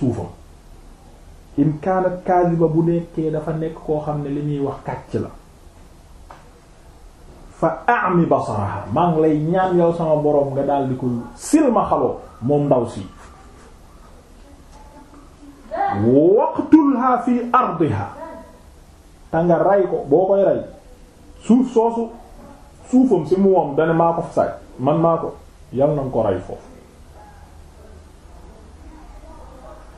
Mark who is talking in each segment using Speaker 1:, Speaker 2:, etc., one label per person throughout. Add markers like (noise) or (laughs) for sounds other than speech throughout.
Speaker 1: suufam in kaanat kaasiba bu nekkee dafa nekk koo xam ne li ñuy wax kàcc la fa ami basaraha maa ngi lay ñaan yow sama boroom nga daal di ko silma xaloo moom ndaw si waqtulha fi ardiha ta nga ray ko boo koy rey suuf soosu suufam si mu moom dane maa ko fa saaj man maa ko yal na nga ko rey foofu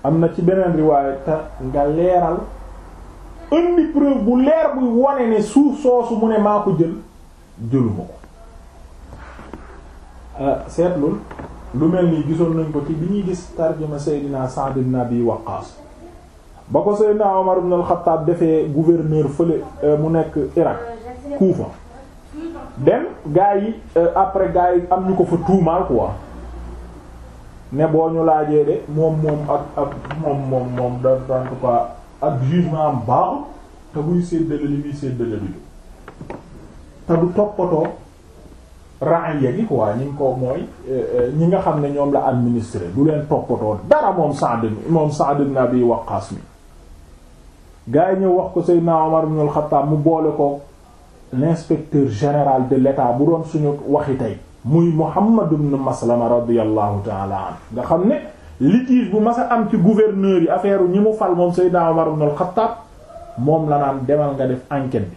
Speaker 1: am na ci beneen riwaaya te nga leeral indi preuve bu leer buy wone ne suuf soosu mu ne maa ko jël jëluma ko ah, seetlul lu mel nii gisoon nañ ko ci bi ñuy gis tarjuma Seydina Sa'd ibn Abi Waqqas ba ko Seydina Omar ibn al-Khattab defee gouverneur fële euh, mu nekk Irak Kufa dem gaa yi euh, après gaa yi am ñu ko fa tuumaal quoi ne boo ñu laajee de moom moom ak ak moom moom moom da en tout ak jugement am baaxul te buy séddale li muy séddale du te du toppatoo raaya gi quoi ko mooy euh, ñi nga xam ne ñoom la administré du leen toppatoo dara moom Sa'd moom Sa'd ibn Abi Waqqas mi gaa yi ñëw wax ko Seydina Omar ñu al-Khattab mu boole ko l'inspecteur général de l'État bu doon suñu waxi tey muy Muhammad ibn Maslama radiyallahu ta'ala an nga xam ne litige bu mas a am ci gouverneur yi affaire ñi mu fal moom Seydina Omar ibn al-Khattab moom la naan demal nga def enquete bi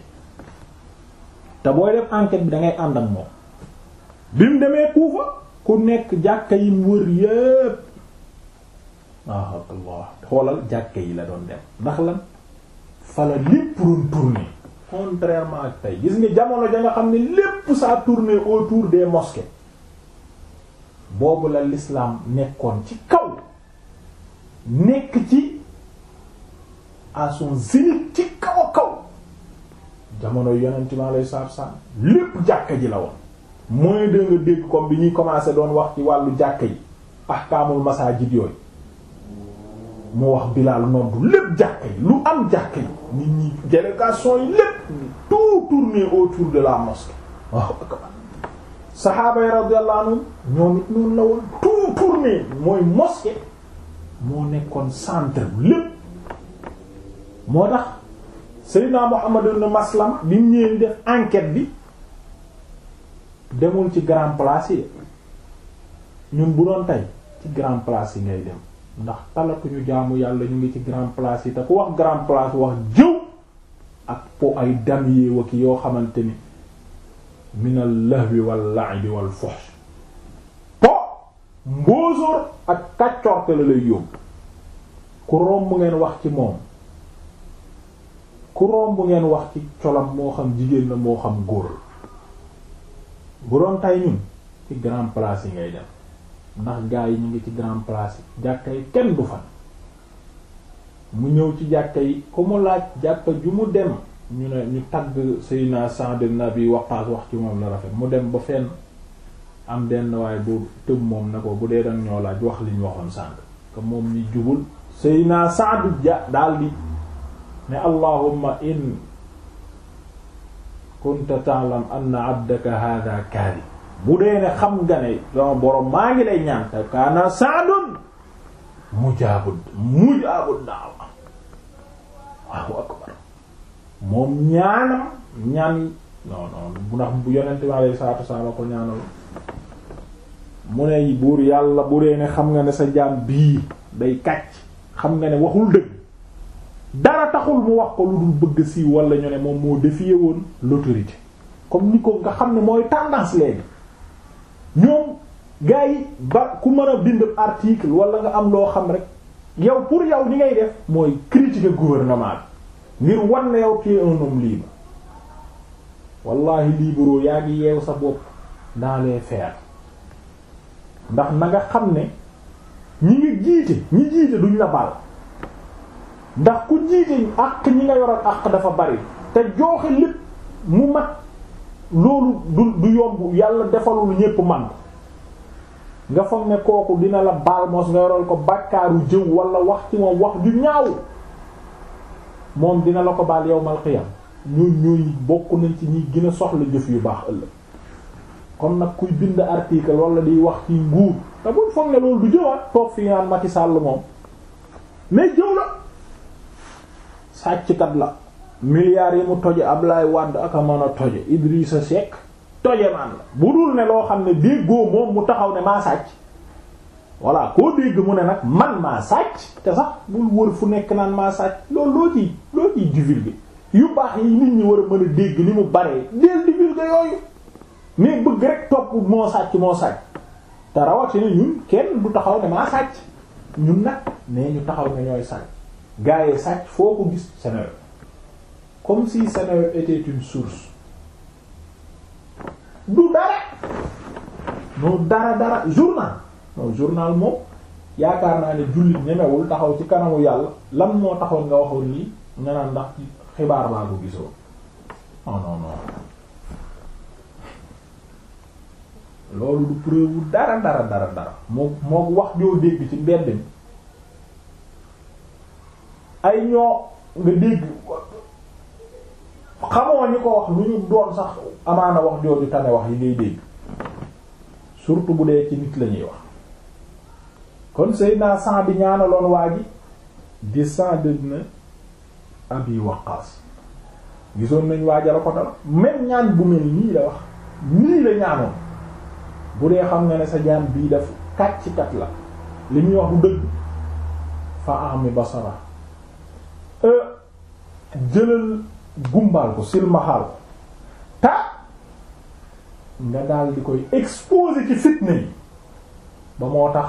Speaker 1: te booy def enquête bi dangay ànd ak moom bi mu demee Kuufa ku nekk jàkka yi mu wër yépp waaw xoolal jàkka yi la doon dem ndax lan fala lépp doon tourner contrairement ak tey gis nga jamono ja nga xam ne lépp saa tourner autour des mosquées boobu la lislaam nekkoon ci kaw nekk ci à son zénith ci kaw kaw jamono yonent mi lay salaatu salaam lépp jàkka ji la woon mooy da nga dégg comme bi ñuy commencé doon wax ci wàllu jàkka yi ahkaamul masaajid yooyu mu wax Bilaal noddu lépp jàkk yi lu am jàkk yi nit ñi délégation yi lépp tout tourné autour de la mosquée waaw akbar saxaaba yi radiyallahu ñoom it noonu la woon tout tourné mooy mosquée moo nekkoon centre bu lépp moo tax Seydina Muhammad ibn Maslama bi mu ñëwee def enquête bi demul ci grand place yi ñun bu doon tey ci grand place yi ngay dem ndax talatuñu jaamu yàlla ñu ngi ci grand place yi te ku wax grand place wax jëw ak po ay dam yéewa ki yoo xamante ni minal lahwi wal la'ibi wal fuhsh po mbóosóor ak kàccoorte la lay yóbbu ku romb ngeen wax ci moom ku romb ngeen wax ci colam moo xam jigéen la moo xam góor bu doon tay ñun ci grand place yi ngay dem ndax gaa yi ñu ngi ci grand place jàkka yi kenn du fan mu ñëw ci jàkka yi ku mu laaj jàkka ju mu dem ñu ne ñu tagg Seydina Sa'd ibn Abi Waqqas wax ci moom la rafet mu dem ba fenn am benn waaye bu tëb moom ne ko bu dee dang ñoo laaj wax liñ waxoon sànq que moom ñi jubul Seydina Sa'd ja daldi ne allahumma in kunta ta'lam anna abdaka hadha kadhib bu dee ne xam nga ne sama borom maa ngi lay ñaan te kaana saadun mujaabud mujaabud daawa waaw akbar moom ñaanam ñaan non non bu ndax bu yonent bi alayhi salaatu wasallam ko ñaanal mu ne buur yàlla bu dee ne xam nga ne sa jaam bii day kàcc xam nga ne waxul dëgg dara taxul mu wax ko lu dul bëgg si wala ñu ne moom moo défier woon l'autorité comme ni ko nga xam ne mooy tendance léegi ñoom gars yi ba ku mën a bind article wala nga am loo xam rek yow pour yow li ngay def mooy critiquer gouvernement ngir wan na yow tu es un homme libre wallahi libéraux yaa ngi yeew sa bopp dans les faits ndax na nga xam ne ñi ngi jiite ñi jiite duñ la baal ndax ku jiite àq ñi nga yoral àq dafa bari te jooxe lépp mu mat loolu du du yomb yàlla defalul ñépp man nga foog ne kooku dina la baal mos nga yoral ko bàkkaaru jëw wala wax ci moom wax ju ñaaw moom dina la ko baal yawmal qiyam ñun ñuy bokk nañ ci ñi gën soxla jëf yu baax ëllëg kon nag kuy bind article wala di wax ci nguur te buñ foog ne loolu du jëwaat ah. toog fi naan Macky moom mais jëw la sàcckat la milliards yi mu toje Ablaye Wade ak a mën a toje Idrissa Seck toje man la bu dul ne loo xam ne déggoo moom mu taxaw ne maa sàcc voilà koo mu ne nag man maa te sax bul wër fu nekk naan maa sàcc loolu loo ciy loo ciy divulguer yu baax yi nit ñi war a mën a dégg ni mu baree deel divulguer yooyu mais bëgg rek topp moo sàcc moo sàcc te rawatina ñun kenn du taxaw ne maa sàcc ñun nag nee ñu taxaw ne ñooy sàcc gaayee sàcc foo ko gis Sénégal comme ci Seneweb était une source du dara noonu dara dara journal non journal moom yaakaar naa ne jullit ñemewul taxaw ci kanamu yàlla lan moo taxoon nga waxoon lii nga naan ndax xibaar laa ko gisoo non non loolu du preuve dara dara dara dara moo moo wax joo dégg ci mbedd mi ay ñoo nga dégg xamoo ñu ko wax lu ñu doon sax amaana wax jooju tane wax yi ngay dégg surtout bu dee ci nit la ñuy wax kon naa Sa'd bi ñaanaloon waa ji di Sa'd ibn Abi Waqqas gisoon nañ waajal ko dal même ñaan bu mel nii la wax nii la ñaanoon bu dee xam nga ne sa jaan bii def kat ci kat la li ñuy wax bu dëgg fa ami basara euh, jëlal gumbaal ko silmaxaal ko ta nga daal koy exposé ci fitna yi ba moo tax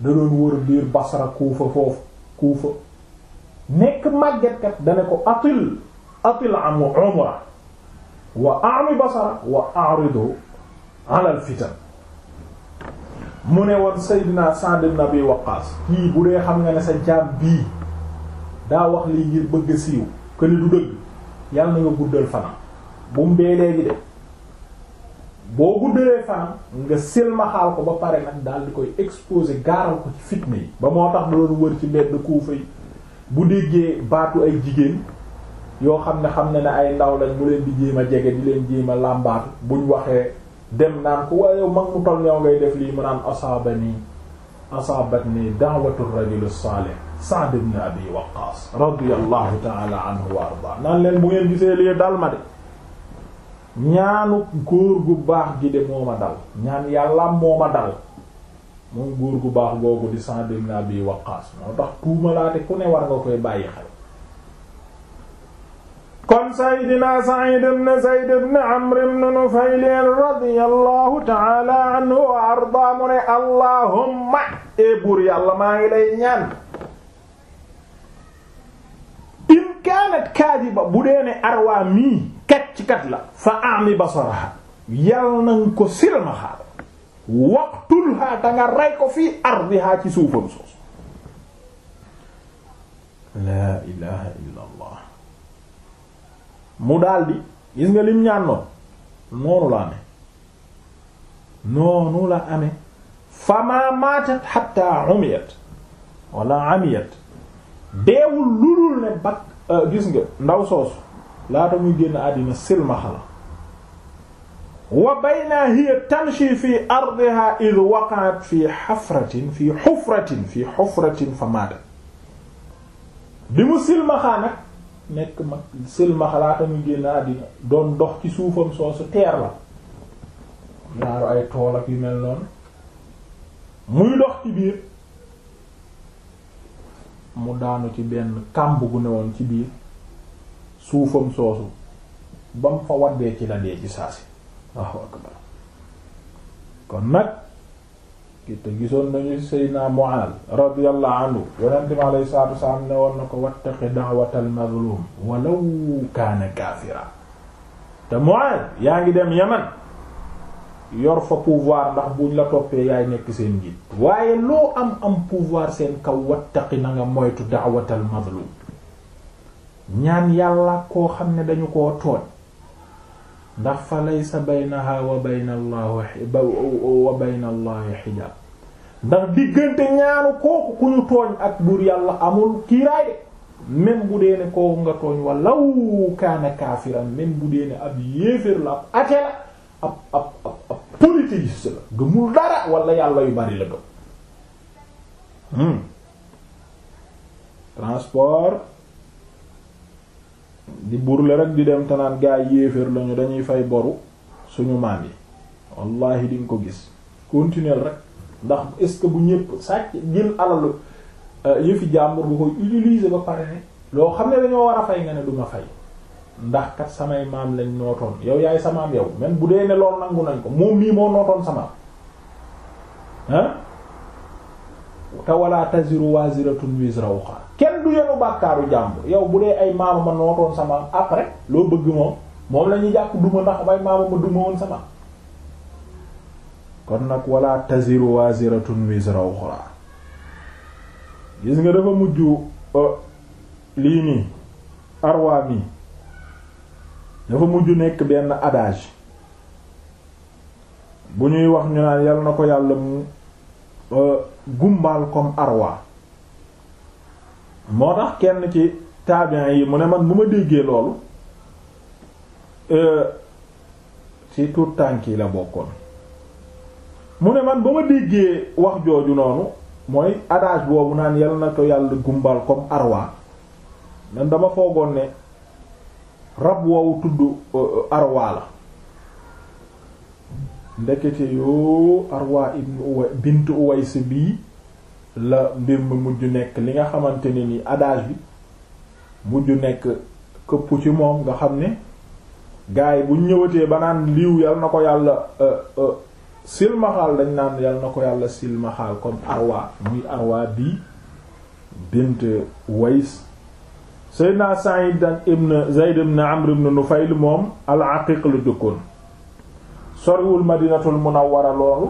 Speaker 1: da doon wër biir Basra Kuufa foofu Kuufa nekk màggetkat dane ko atil atil am umra wa ami Basra wa arido alal fitan mu ne woon Seydina Sa'd ibn Abi Waqqas kii bu dee xam nga ne sa jaam bii daa wax lii ngir bëgg siiw këni du dëgg yàlla na nga guddal fanam bu mu dee léegi de boo guddalee fanam nga silmaxaal ko ba pare nag daal di koy exposé gaaral ko ci fitna yi ba moo tax da doon wër ci mbedd kuufa yi bu déggee baatu ay jigéen yoo xam ne xam ne ne ay ndaw lañ mu leen di jéem a jege di leen jéem a làmbaatu buñ waxee dem naan ko waaye mag mu toll yow ngay def lii mu naan asaabani asaabatni da'watu rajul salih Sa'd ibn Abi Waqqas radiyallahu ta'ala anhu wa arda naan leen bu ngeen gisee lii dal ma de ñaanu góor gu baax gi de moo ma dal ñaan yàlla moo ma dal moom góor gu baax googu di Sa'd ibn Abi Waqqas moo tax tuumalaate ku ne war nga koy bàyyi xel kon Seydina Sa'id ibn Zayd ibn Amr ibn Nufayl radiyallahu ta'ala anhu wa arda mu ne allahumma e buur yàlla maa ngi lay ñaan kaanat kaadiba bu dee ne arwaa mii kat la fa ami basaraha yal nañ ko silmaxaal waqtulha da nga rey ko fii ardiha ci suufam soosu laa ilaha illa allah mu daldi gis nga lim ñaan noonu la amee noonu la amee fa maa maatat xatta umiyat wala amiyat deewul lulul ne bakk Euh, gis nga ndaw soosu laata muy génn àddina silmaxa la wa bayna hiya tamshi fi ardiha id waqa'at fi xafratin fi xufratin fi xufratin fa maata bi mu silmaxaa nag nekk mag silmaxa laata muy génn àddina doon dox ci suufam soosu teer la ñaaru ay tool yu mel noonu muy dox ci biir mu daanu ci benn kàmb gu newoon ci biir suufam soosu ba mu fa waddee ci la dee ci saa si kon nag ki te gisoon nañu Seydina Mu'aaz radiyallahu anhu yonent bi alayhi salaatu wa ne woon na ko wattaqi da'watal mazlum walaw kaana kaafira te Mu'aaz yaa ngi dem Yaman yor fa pouvoir ndax buñ la toppee yaay nekk seen njiit waaye loo am am pouvoir seen kaw wattaqi na nga moytu da'watal mazlum ñaan yàlla koo xam ne dañu koo tooñ ndax fa laysa baynaha wa bayna allah wa bayna allah xijaab ndax diggante ñaanu kooku ku ñu tooñ ak buur yàlla amul kiiraaye même bu dee ne kooku nga tooñ walaw kaana kaafiran même bu dee ne ab yéeféer la ab ate ab ab polythéiste la gëmul dara wala yàlla yu bari la gëm hmm. transport di burle rek di dem tanaan gaa yi yéeféer lañu dañuy fay boru suñu maam yi wallahi di nga ko gis continuer rek ndax est-ce que bu ñëpp sàcc jël alalu euh, yëfi jàmbur bu koy utiliser ba pare ne loo xam ne dañoo war a fay nga ne du ma fay ndax kat samay maam lañ nootoon yow yaay sa maam yow même bu dee ne loolu nangu nañ ko moom mii moo nootoon sama ah te wala taziru waziratun wizra ukhra kenn du yenu bàkkaaru jàmbur yow bu dee ay maama ma nootoon sama après loo bëgg moom moom la ñuy jàpp duma ndax bay maama ma duma woon sama kon nag wala taziru waziratun wizra ukhra gis nga dafa mujj euh, lii nii arwa mi dafa mujj nekk benn adage bu ñuy wax ñu naan yal na ko yàlla mu euh, gumbaal comme arwa moo tax kenn ci tabiens yi mu ne man bu ma déggee loolu euh, ci tuut tànk yi la bokkoon mu ne man ba ma déggee wax jooju noonu mooy adage boobu naan yal na ko yàlla gumbaal comme arwa man dama foogoon ne rab woowu tudd euh, euh, arwa la ndekete yoo arwa ibn uway bint uways bii la mbir mi mujj nekk li nga xamante ne ni adage bi mujj nekk këpp ci moom nga xam ni gaay bu ñëwatee ba naan liiw yal na ko yàlla euh, silmaxaal dañ naan yal na ko yàlla silmaxaal comme arwa muy arwa bii bint uways Seydina Sa'id ibn Zayd ibn Amr ibn Nufayl moom al-Aqiq lu jëkkoon soriwul Madinatul Munawwara loolu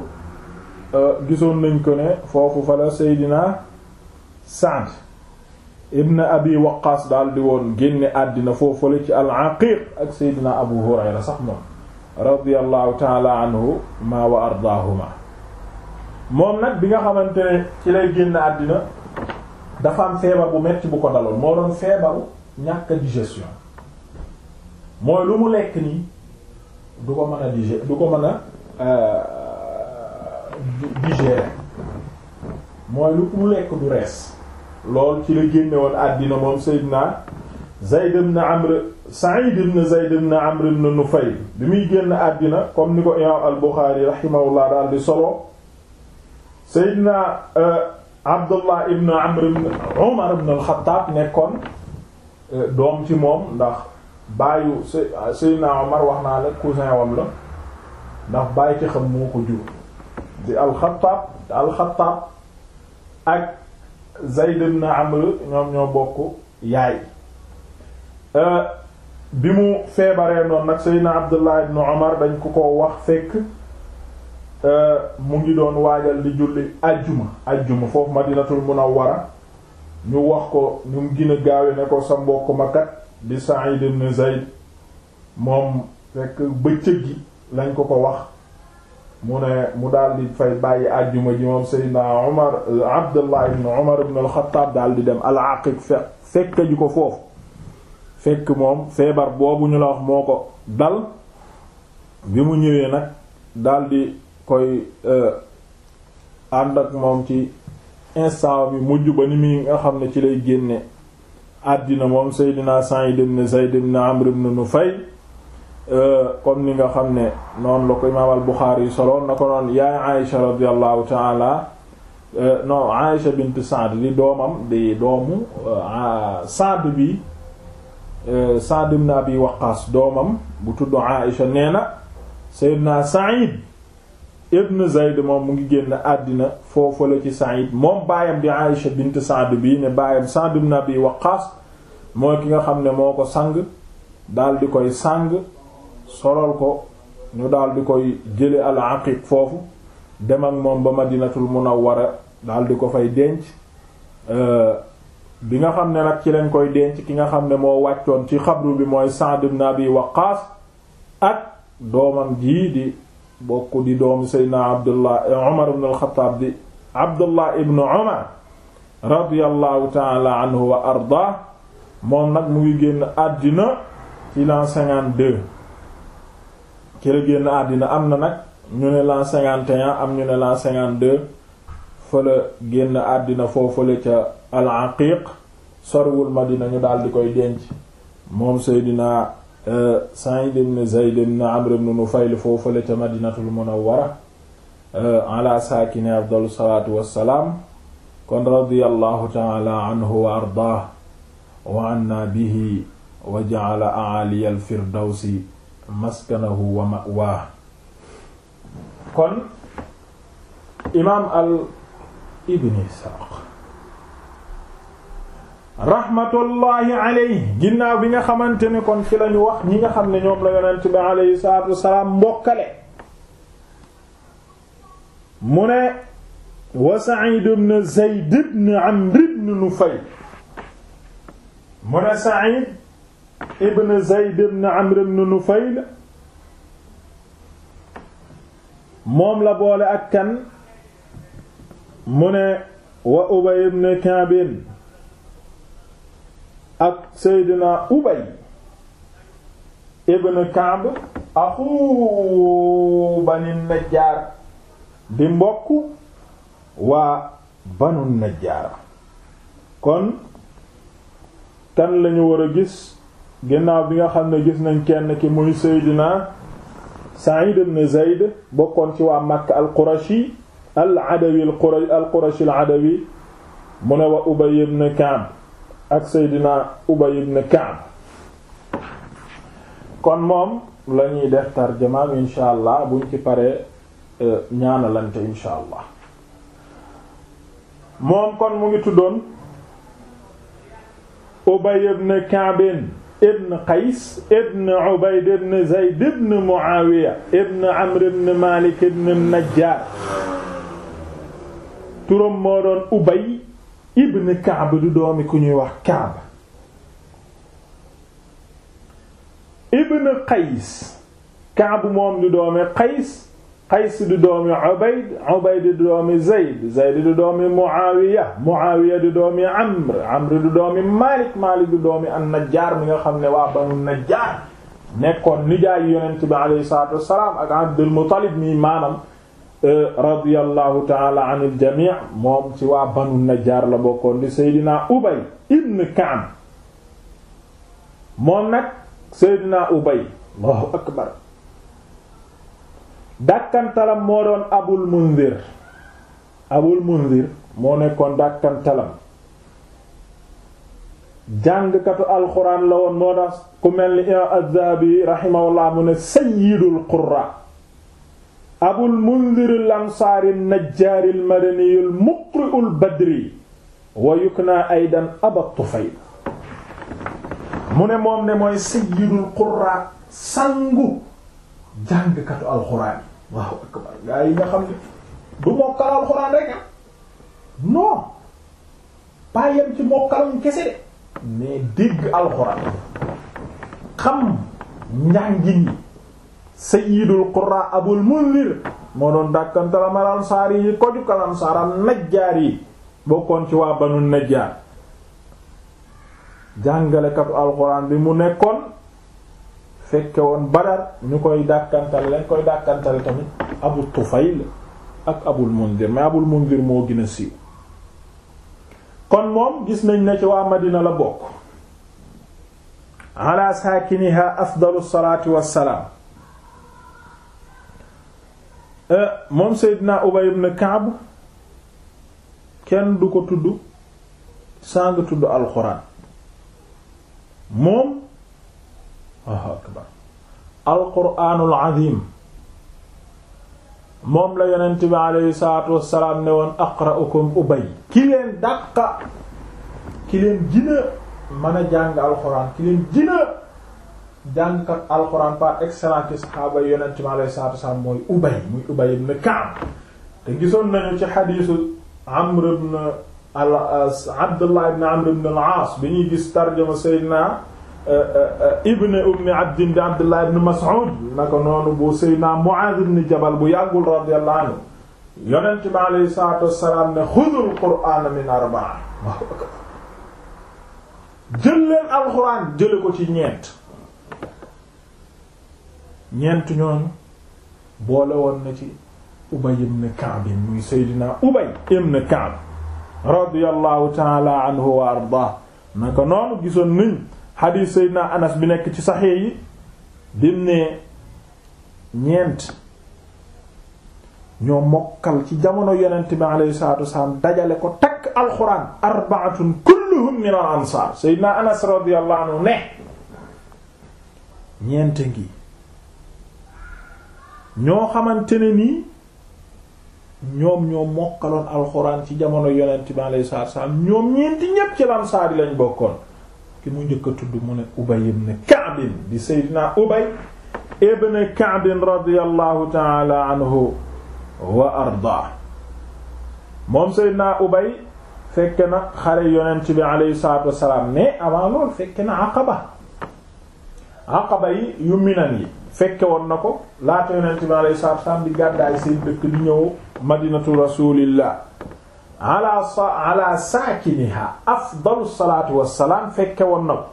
Speaker 1: euh, gisoon nañ ko ne foofu fa la Seydina Sa'd ibn Abi Waqqas daal di woon génne àddina foofu la ci al-Aqiq ak Seydina Abu Hurayra sax moom radiyallahu ta'ala ma wa ardaahuma moom nag bi nga xamante ne ci lay génn àddina dafa am feebar bu metti bu ko daloon moo doon feebaru ñàkk digestion mooy lu mu lekk nii du ko mën a digérer du ko mën a euh, mooy lu mu lekk du rees lool ci la génne woon àddina moom Seydina Zayd ibn Amr Sa'id ibn Zayd ibn Amr ibn Nufayl bi muy génn àddina comme ni ko imaam al Buxaari rahimahullah daal di solo Seydina euh, Abdullah ibn Amr ibn Umar ibn al nekkoon euh, doom ci moom ndax baayu euh, Seydina Umar wax naa la cousin wam la ndax bàyyi ci xam moo ko jur di al-Khattab al-Khattab ak Zayd ibn Amr ñoom ñoo bokk yaay euh, bi mu feebaree noonu nag Seydina Abdullah ibn Umar dañ ko ko wax fekk mu ngi doon waajal di julli ajjuma ajjuma foofu madinatul munawwara ñu wax ko ñu mu gën gaawe ne ko sa mbokk ma kat di Sa'id ibn Zayd moom fekk bëccëg gi lañ ko ko wax mu ne mu daldi di fay bàyyi ajjuma ji moom Seydina Umar Abdullah ibn Umar ibn al-Khattab daal di dem al-Aqiq fekk ko foofu fekk moom feebar boobu ñu la wax moo ko dal bi mu ñëwee nag daal koy euh, ànd ak moom ci instant bi mujj ba ni mi nga xam ne ci lay génne àddina moom Seydina Sa'id ibn Zayd ibn Amr ibn Nufay euh, comme ni nga xam ne noonu la ko imaam al-Bukhari yi soloon na ko noon yaay Aïsha radiyallahu ta'ala euh, non Aïsha bint Sa'd di doomam di doomu Sa'd bi Sa'd ibn Abi Waqqas doomam bu tudd Aïsha nee na Seydina Sa'id ibn Zayd moom mu ngi génn àddina foofu la ci Sa'id moom baayam di Aïsha bint Sa'd bii ne baayam Sa'd ibn Abi Waqqas mooy ki nga xam ne moo ko sang daal di koy sang solol ko ñu daal di koy jële al aqiq foofu dem ak moom ba dinatul Madinatul Munawwara daal di ko fay denc bi nga xam ne nag ci lañ koy denc ki nga xam ne moo wàccoon ci xabru bi mooy Sa'd ibn Abi Waqqas ak doomam jii di bokk di doomu seydna abdullah eh, omar ibn alxataab di abdullah ibn omar radiallahu taala anhu wa arda moom nag mu ngi génn àddina ci l'an 52 ci la génn àddina am na nag ñu ne l'an 51 am ñu ne l'an 52 fa la génn àddina foofale ca al aqiq sorwul madina ñu daal di koy denc moom seydina Euh, Sa'id ibn Zayd ibn Amr ibn Nufayl foofale ca Madinatul Munawwara euh, ala saakini afdalu salaatu wassalaam kon radiyallahu ta'ala anhu wa ardaah wa anna bihi wa ja'ala a'aliya al-firdawsi maskanahu wa ma'waah kon imaam al ibn Isaaq rahmatullahi alayhi ginnaaw bi nga xamante ne kon fi lañu wax ñi nga xam ne ñoom la yonent bi alayhi salaatu wassalaam mbokkale mu ne wa Sa'id ibn Zayd Zayd ibn Amr ibn Nufayl moom la boole ak kan mu ne wa Ubay ibn Ka'b ak Seydina Ubay ibn Kaab axu Bani Najjaar di mbokk waa Banu Najjaar kon kan lañu war a gis ginnaaw bi nga xam ne gis nañ kenn ki muy Seydina Sa'id ibn Zayd bokkoon ci waa Makka al-Qurashi al-Adawi al-Qurashi al adawi mu ne wa Ubay ibn Kaab ak Seydina Ubay ibn Ka'b kon moom lañuy ñuy def tarjamaam insha allah buñ ci paree euh, ñaanalante insha allah moom kon mu ngi tuddoon Ubay ibn Ka'b ibn Qays ibn Ubayd ibn Zayd ibn Muawiya ibn Amr ibn Malik ibn Najjar turam moo doon Ubay ibn Kaab du doomi ku ñuy wax Kaab ibn Qays Kaab moom du doomi Qays Qays du doomi Ubayd Ubayd du doomi Zayd Zayd du doomi Muawiya Muawiya du doomi Amr Amr du doomi Malik Malik du doomi an-Najjar mi nga xam ne waa Banu Najjar nekkoon nijaay Yonent bi alayhi salaatu wassalaam ak Abdul Muttalib mi maamam Euh, radiyallahu taala an il jamii moom ci waa banu najjaar la bokkoon di seydinaa ubay ibn kaab moom nag seydinaa ubay allahu akbar dàkkantalam moo doon abul mundir abul mundir moo nekkoon dàkkantalam jàngkatu alxuraan la woon moo tax ku mel ni imaam az-zahabi rahimahullah mu ne sayyidul qurra abul mundir al ansaari al najjaari al madani al muqri al badri wa yukna aydan aba tufayl mu ne moom ne mooy sayyidul qurra sangu jàngkatu alxuraan yi waaw nga xam ne du mokkal alxuraan rek ah non bàyyam ci mokkalam kese de mais dégg alxuraan xam njàngin yi sayyidul qurra abul munzir moo doon dàkkantalam al ansaar yi koju kal ansaar najjaar yi bokkoon ci waa banu najjaar jàngalekatu alxuraan bi mu nekkoon fekke woon badar ñu koy dàkkantale lañ koy dàkkantale tamit abu tufayl ak abul mundir mais abul mundir moo gën a siiw kon moom gis nañ ne ci waa madina la bokk ala afdalu salaatu wassalaam Euh, moom Seydina Ubay na Ka'b kenn du ko tudd saa nga tudd alxuraan moom waaw akbar alxuraanul azim moom la yonent bi aleyhi salaatu salaam ne woon aqra'ukum Ubay ki leen dàqa ki leen gina mën a jàng alxuraan ki leen gina jàngkat alxuraan par excellence ci saxaaba yonent mi alayhi salaatu wasalaam mooy Ubay muy Ubay ibn Ka'b te gisoon nañu ci xadiisu Amr ibn al euh, Abdullah ibn Amr ibn al bi ñuy gis tarjuma Seydina euh, euh, ibn ummi abdin Abdullah ibn Mas'ud na noonu bu Seydina Mu'aaz ibn Jabal bu yàggul radiyallahu anhu yonent mi alayhi salaatu wasalaam ne xudul qur'aana min arba'a jël leen alxuraan jële ko ci ñeent ñeent ñooñu boole woon na ci Ubay ibn Ka'b muy Seydina Ubay ibn Ka'b radiyallahu taala anhu wa arda naka noonu gisoon nañ xadiis Seydina Anas bi nekk ci saxee yi bim ne ñeent ñoo mokkal ci jamono yonent bi alayhi salaatu wasalaam dajale ko takk alxuraan arbaatun kulluhum min al ansaar Seydina Anas radiyallahu anhu ne ñeent ngi ñoo xamante ne nii ñoom ñoo mokkaloon alxuraan ci jamono yonent bi alayhi salaatu salaam ñoom ñeenti ñépp ci lansaar yi lañ bokkoon ki mu njëkk tudd mu ne Ubay ibn Ka'b di Seydina Ubay ibn Ka'b radiyallahu ta'ala anhu wa ardaa moom Seydina Ubay fekke na xare yonent bi alayhi salaatu wassalaam mais avant fekke na Aqaba Aqaba yi yu Minan yi fekke woon na ko laata yonent bi alayhi salaatu wassalaam di gàddaay seen dëkk di ñëw madinatu rasulillah ala sa ala saakiniha afdalu salaatu wassalaam fekke woon na ko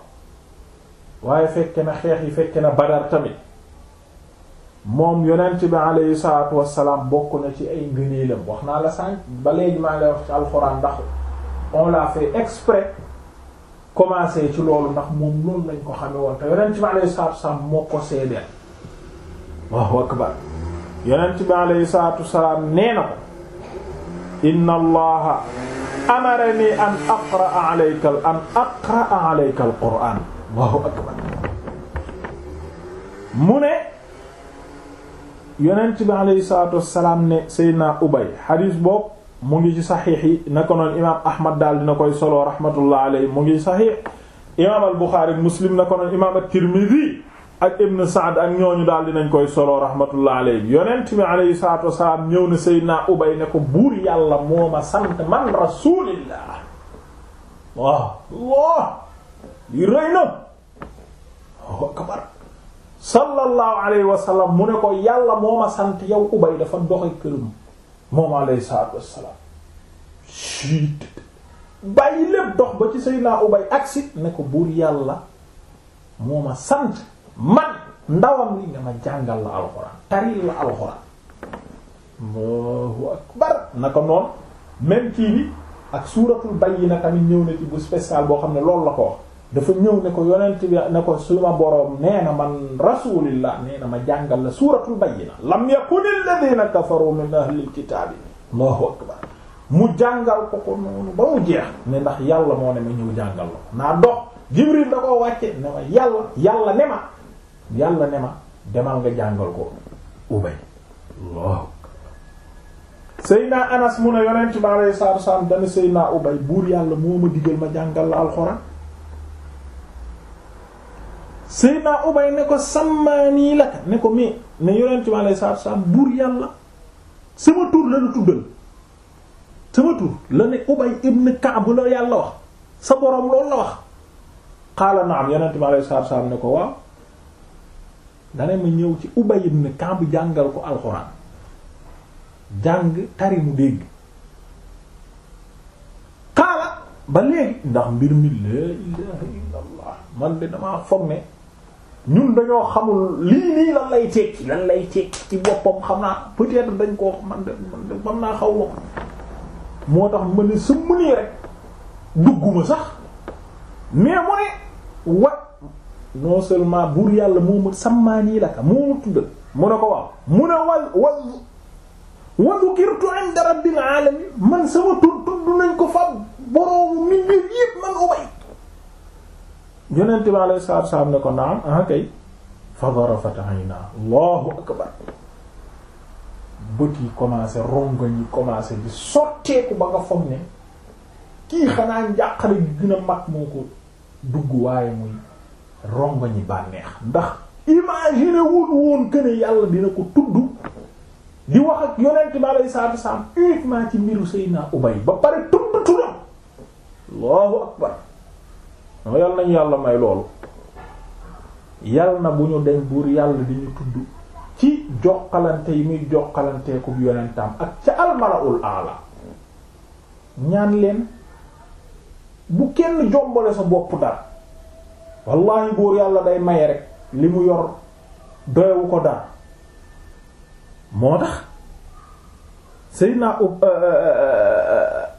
Speaker 1: waaye fekke na xeex yi fekke na badar tamit moom yonent bi alayhi salaatu wassalaam bokk na ci ay ngëneelam wax naa la sànq ba léegi maa ngi wax ci alxuraan ndax on ci loolu ndax moom loolu lañ ko xame woon te yonent bi alayhi salaatu wassalaam moo ko seedeel Allahu akbar yonent bi alayhi salaatu wasalaam nee na ko inna allaha amarani an aqraa alayka an aqraa alayka alquran Allahu akbar mu ne yonent bi alayhi salaatu wasalaam ne Seydina Ubay xadiis boobu mu ngi ci saxiix yi naka noonu imaam Ahmad daal dina koy solo rahmatullah alayhi mu ngi saxiix imaam al Buxaari Muslim naka noonu imaam at-Tirmidhi ak ibn Saad ak ñooñu daal dinañ koy solo rahmatullah alayhi yonent bi alayhi salaatu wasalaam ñëw na Seydina Ubay ne ko buur yàlla moo ma sant man yow Ubay dafa doxe këram moom alayhi salaatu wasalaam siit bàyyi lépp dox ba ci Seydina Ubay agsi ne ko buur yàlla moo ma sant man ndawam li nga ma jàngal la alxuraan taril la alxuraan Allahu akbar naka noonu même kii bi ak suuratul bayyina tamit ñëw na ci bu boo xam ne loolu la ko wax dafa ñëw ne ko yonent bi ne ko suma boroom nee na man rasulillah nee ma jàngal la suuratul bayyina lam yakun alladhina kafaru min ahlil kitaabi Allahu akbar mu jàngal ko ko noonu ba mu jeex ne ndax yàlla moo ne ma ñëw jàngal la naa dox Jibril da ko wàcce ne ne ma yàlla ne ma demal nga jàngal ko ubay waaw Seydina Anas mu ne yonent bi alayhi salaatu wa salaam dana Seydina ubay buur yàlla moo ma digal ma jàngal la alxuraan Seydina ubay ne ko sàmmaanii la ne ko mais ne yonent bi alayhi salaatu wa buur yàlla sama tur la la tuddal sama tur la ne ubay ibn Ka'b la yàlla wax sa boroom loolu la wax xaala naam yonent bi alayhi salaatu wa salaam ne ko waaw dana ma ñëw ci Ubay ibn Ka'b jàngal ko alxuraan jàng tari mu dégg xaala ba léegi ndax mbir mi la ilaha illa allah man de damaa foog ñun dañoo xamul lii nii lan lay tekki lan lay tekki ci boppam xam naa peut dañ koo man de man naa xaw ma moo tax ma ne sëmm nii rek dugguma sax mais mu wat non seulement buur yàlla moomu sàmmaanii la ka moomu tudd mu ne ko waaw mu ne wal wal wa dhukirtu inda rabbil alamin man sama tudd tudd nañ ko fa boroomu nit ñi yépp man ubay yonent bi alayhi salaatu salaam ne ko naam ah kay fa darafat aynaa allahu akbar bët yi commencé rongoñ yi commencé bi sotteeku ba nga foog ne kii xanaa njàqare gi gën mag moo ko dugg waaye muy rongo ñi bànneex ndax imaginer wul woon que ne yàlla dina ko tudd di wax ak yonent bi alayhi salaatu wasalaam uniquement ci mbiru Seydina Ubay ba pare tudd turam Allahu akbar non yàlla nañu yàlla may loolu yàlla na bu ñu deñ buur yàlla di ñu tudd ci joxalante yi muy joxalanteeku yonentam ak ca almalaul ala ñaan leen bu kenn jombale sa bopp dara wallahi buur yàlla day maye rek li mu yor doyewu ko dara moo tax Seydina euh, euh, euh,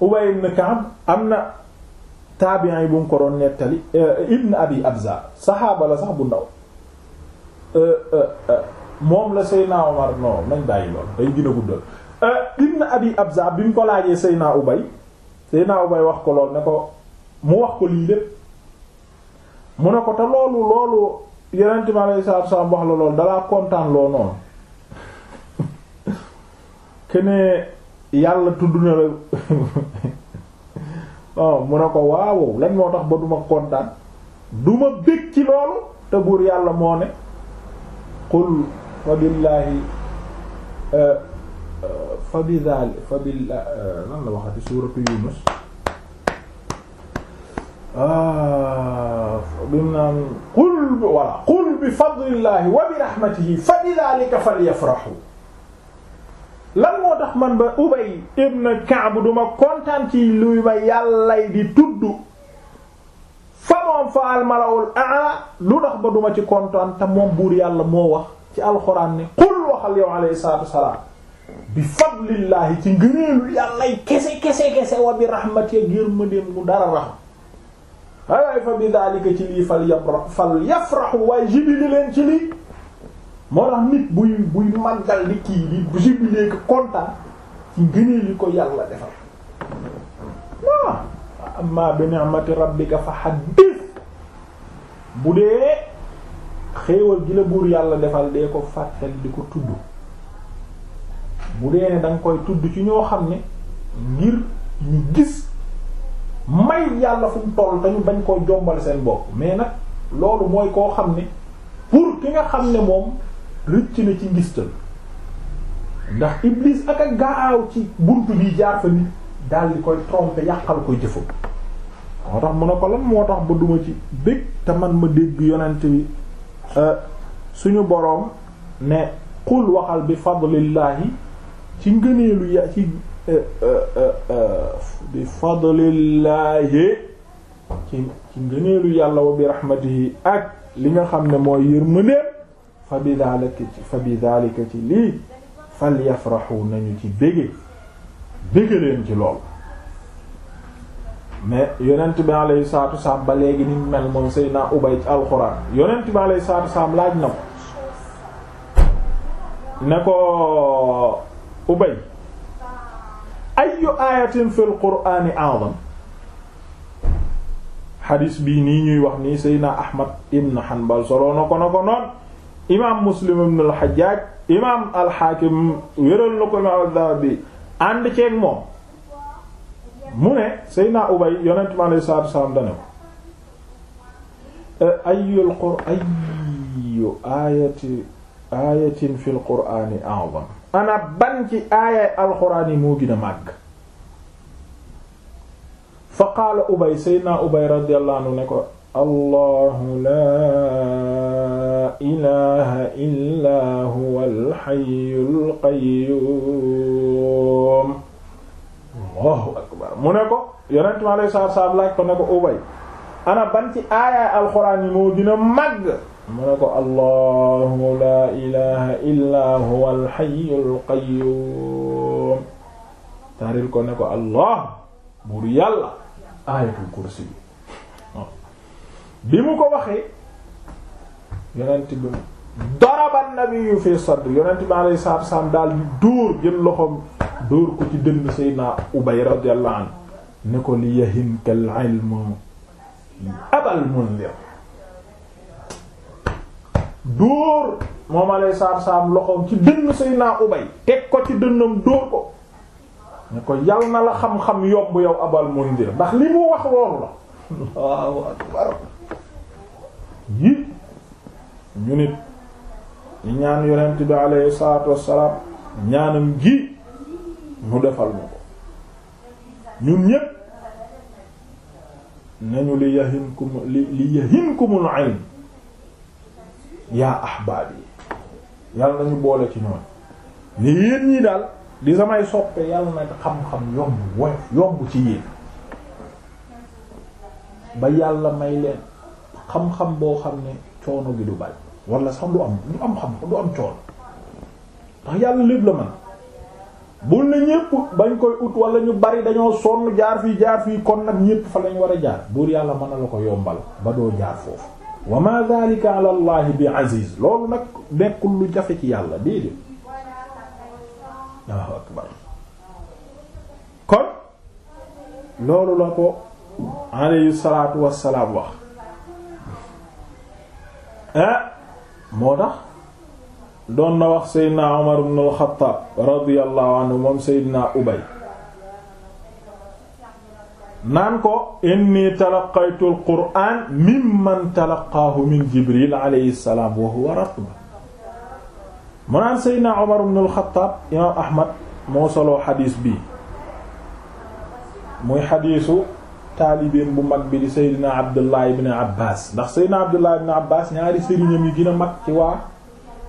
Speaker 1: Ubay ibn Ka'b am na taabiyan yi bu mu ko doon nettali ibn Abi Abza saxaaba la sax bu ndaw moom la Seydina Omar non nañ bàyyi lool day gën a guddal ibn Abi Abza bi mu ko laajee Seydina Ubay Seydina Ubay wax ko lool ne ko mu wax ko lii lépp mu ne ko te loolu loolu yeneen mi aleyhi salaatu wax la loolu dalaa kontaan loo noonu (laughs) kene yàlla tudd na la (laughs) oh mu ne ko waaw lan moo tax ba duma kontaan duma bég ci loolu te buur yàlla moo ne qul fa billaahi eh, eh, fa eh, la waxati suuratu yunus ah bi mu naan qul voilà qul bi fadlillahi wa bi rahmatihi fa bi dhalika falyafrahu lan moo tax man ba Ubay ibn Ka'b duma kontaan ci luy ma yàllay di tudd fa moom fa almalawul a'la lu tax ba duma ci kontaan te moom buur yàlla moo wax ci alxuraan ne qul waxal yow alayhi salaatu wassalaam bi fadlillahi ci ngëneelu yàllay kese kese kese wa bi rahmatihi ngir ma dem mu dara raxam ay fa bi ci lii fal yafra fal yafraxu waaye jibili leen ci lii moo tax nit buy buy màggal di kii di jibilee ko kontaan ci ngëneel yi ko yàlla defal waaw amma bi ni'mati rabbika fa haddith bu dee xéewal gi la buur yàlla defal dee ko fàttali di ko tudd bu dee danga koy tudd ci ñoo xam ne ngir ñu gis may yàlla fu mu toll te ñu bañ koo jombal seen bopp mais nag loolu mooy koo xam ne pour ki nga xam ne moom rëcc na ci ngistal ndax iblis ak a gaaw ci buntu bi jaar fa nit daal di koy tromper yàqal koy jëfam moo tax mu ne ko la moo tax ba duma ci bég te man ma dégg yonant wi euh, suñu boroom ne qul waxal bi fadlillahi ci lu ya ci Eh, eh, eh, bi fadlillahi ci ci ngëneelu yàlla wa bi rahmatihi ak li nga xam ne mooy yërmandeem fa bi daalika ci fa bi daalika ci lii fal yafraxu nañu ci bége bége leen ci lool mais yonent bi alayhi salaatu salaam ba léegi ni mel moom Seydina Ubay ci alxuraan yonent bi alayhi salaatu salaam laaj na ko Ubay ayu ayatin fil qur'ani a'zam xadis bii nii ñuy wax nii seydna ahmad ibn hanbal soloo na ko na ko noon imam muslim ibn al hajjaj imam al hakim wéral na ko imam al-dhahabi ànd ceeg moom mu ne seydna ubay yonent mi alayhi salaatu wasalaam dane ko eh, ayul qur ayu ayati ayatin fil qur'ani a'zam ana ban ci aayay alxuraan yi moo gën a màgg fa qaala ubay seydna ubay radiyallahu anhu ne ko allahu laa ilaha illa huwa alxayyul qayyuum allahu akbar mu ne ko yonent mi alayhi salaatu wa salaam laaj ko ne ko ubay ana ban ci aayay alxuraan yi moo gën a màgg mu ne ko allahu laa ilaha illa huwa alxayyul qayyum taril ko ne ko allah buur yàlla ayatul kursi bi bi mu ko waxee yonent bi daraba nabiyyu fi sadr yonent bi alayhi salaatu wassalaam daal di dóor jël loxoom dóor ko ci dënn Seydina Ubay radiyallahu anhu ne ko li yahinkal ilmu abal munzir dóor moom alay saar saam loxoom ci dënn Seydina Ubay teg ko ci dënnam dóor ko ne ko yal na la xam-xam yomb yow Abal Mundir ndax li mu wax loolu la Allahu akbar gi ñu nit ñu ñaan yonent bi alayhi salaatu wassalaam ñaanam gi mu defal ma ko ñun ñépp nañu li yahinkum li yahinkumul ilm yaa ahbaab yi yàlla nañu boole ci ñoom li yéen ñii daal di samay soppe yàlla na xam-xam yomb woyof yomb ci yéen ba yàlla may leen xam-xam boo xam ne coono gi du bari wala sax du am du am xam du am coono ndax yàlla lépp la mën bul ne ñépp bañ koy ut wala ñu bari dañoo sonn jaar fii jaar fii kon nag ñépp fa lañ war a jaar buur yàlla mën na la ko yombal ba doo jaar foofu wa ma dhalika ala allahi bi aziz loolu nag nekkul lu jafe ci yàlla déedéet Allahu akbar kon loolu la ko alayhi salaatu wassalaam wax ah moo tax doon na wax Seydina Umar ibn al-Khattab radiyallahu anhu moom Seydina Ubay naan ko inni talaqaytu al qur'an mimman talaqaahu min jibril alayhi salaam wa huwa ratba mu naan seydna omar ibn al xattaab imaam ahmad moo soloo xadiis bi muy xadiisu taalibeen bu mag bi di seydna abdullah ibn abbas ndax seydna abdullah ibn abbas ñaari sëriñam yi gën a mag ci waa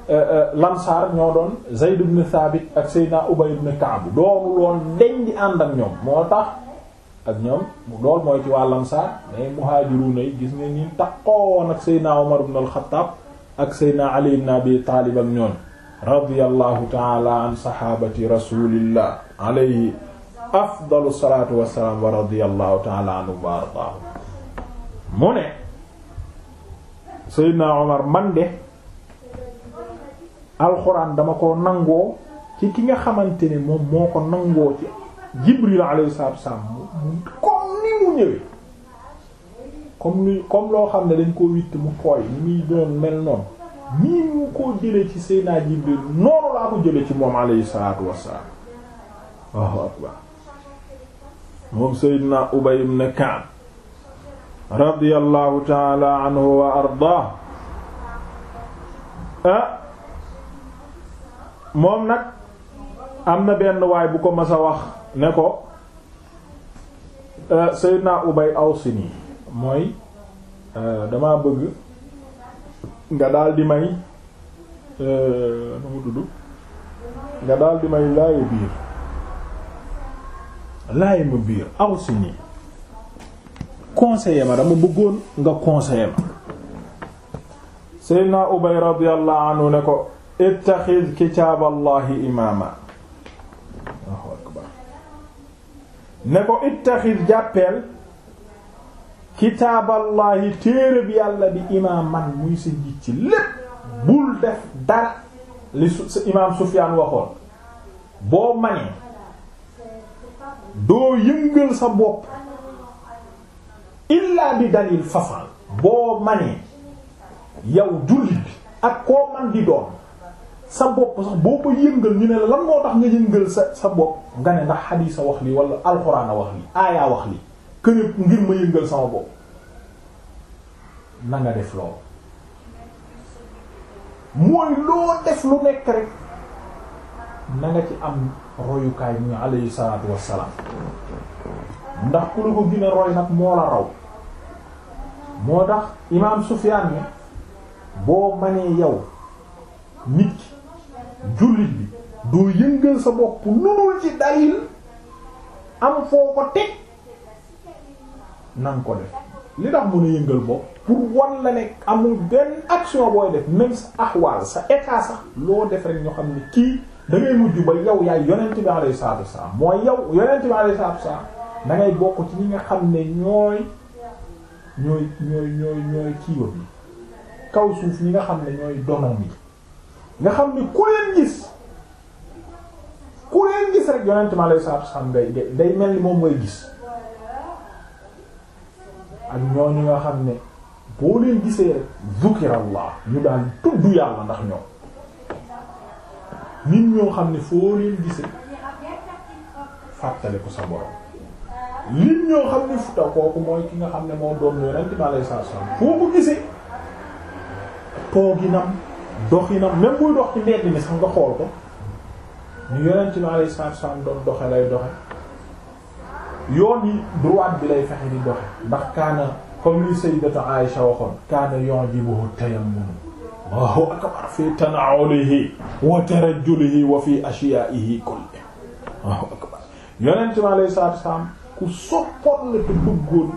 Speaker 1: eh, eh, lansaar ñoo doon zayd ibn thabit ak seydna ubay ibn ka'b doonul woon deñ di ànd ak ñoom moo tax ak ñoom loolu mooy ci wàllam saa mais muhaajiruuna yi gis ne ñun taxawoon ak Seydina Umar ibn al ak Seydina Ali ibn Taalib ak ñoom radiyallahu taala an sahabati rasulillah alayhi afdalu salatu wasalaam wa radiyallahu taala anhu wa ardaahu mu ne Seydina Umar man de alxuraan dama ko nangoo ci ki nga xamante ne moom moo ko nangoo ci Jibril alayhi salaatu wasallam comme ni mu ñëwee comme ni comme loo xam ne dañ koo witt mu pooy ni muy doon mel noonu nii mu koo jëlee ci Seydina Jibril noonu laa ko jëlee ci moom alayhi Ubay ibn Ka'b radiyallahu ta'ala anhu ardaa ah, moom nag am na benn waay bu ko mas a wax ne ko euh, Seydina Ubay awsini mooy euh, damaa bëgg nga daal di may euh, mu tudd nga daal di may laaye biir laaye ma biir awsini conseiller ma dama bëggoon nga conseiller ma Seydina Ubay radiyallahu anhu ne ko ittaxid kitaaballahi imaama ne ko ittaxid jàppeel kitaaballahi téereb yàlla bi imaam man muy sa njiit ci lépp bul def dara li sa imaam Sufyaan waxoon boo manee doo yëngal sa bopp illaa bi dalil fafal boo manee yow jullit bi ak koo man di doon sa bopp sax boo ko yëngal ñu ne lan moo tax nga yëngal sa sa bopp nga ne ndax xadiisa wax lii wala alxuraan a wax lii aayaa wax lii këne ngir ma yëngal sama bopp na nga def loolu mooy loo def lu nekk rek na nga ci am royukaay mu ñu alayhi salaatu wassalaam ndax ku la ko gën a roy nag moo la raw moo tax imaam Sufyaan ni boo manee yow nit ki jullit bi doo yëngal sa bopp nunul ci dalil am foo ko teg nanga ko def li tax mën a yëngal bopp pour wan la nekk amul benn action booy def même sa axwaal sa état sax loo def rek ñoo xam ne kii da ngay mujj ba yow yaay yonent bi alayhi salaatu wasalaam mooy yow yonent bi alayhi salaatu wasalaam da bokk ci ñi nga xam ne ñooy ñooy ñooy ñooy ñooy kiiwam yi kaw suuf ñi nga xam ne ñooy donom yi nga xam ni ku leen gis ku leen gis rek yonent mi alayhi salaatu salaam ngay day mel ni moom ngay gis ak ñooñu nga xam ne boo leen gisee rek zukirallah ñu daal tudd yàlla ndax ñoom nit ñoo xam ne foo leen gisee fàttale sa borom nit ñoo xam ne futa kooku mooy ki nga xam ne moo doon yonent mi alayhi salaatu salaam foo ko gisee tooginam doxinam même muy dox ci mbedd mi sax nga xool ko ñu yonent bi alayhi salaatu wasallam doon doxe lay doxe yoon yi droite bi lay fexe di doxe ndax kaana comme li sayyidatu Aisha waxoon kaana yu'jibuhu tayammum Allahu akbar fi ku soppoon la te bëggoon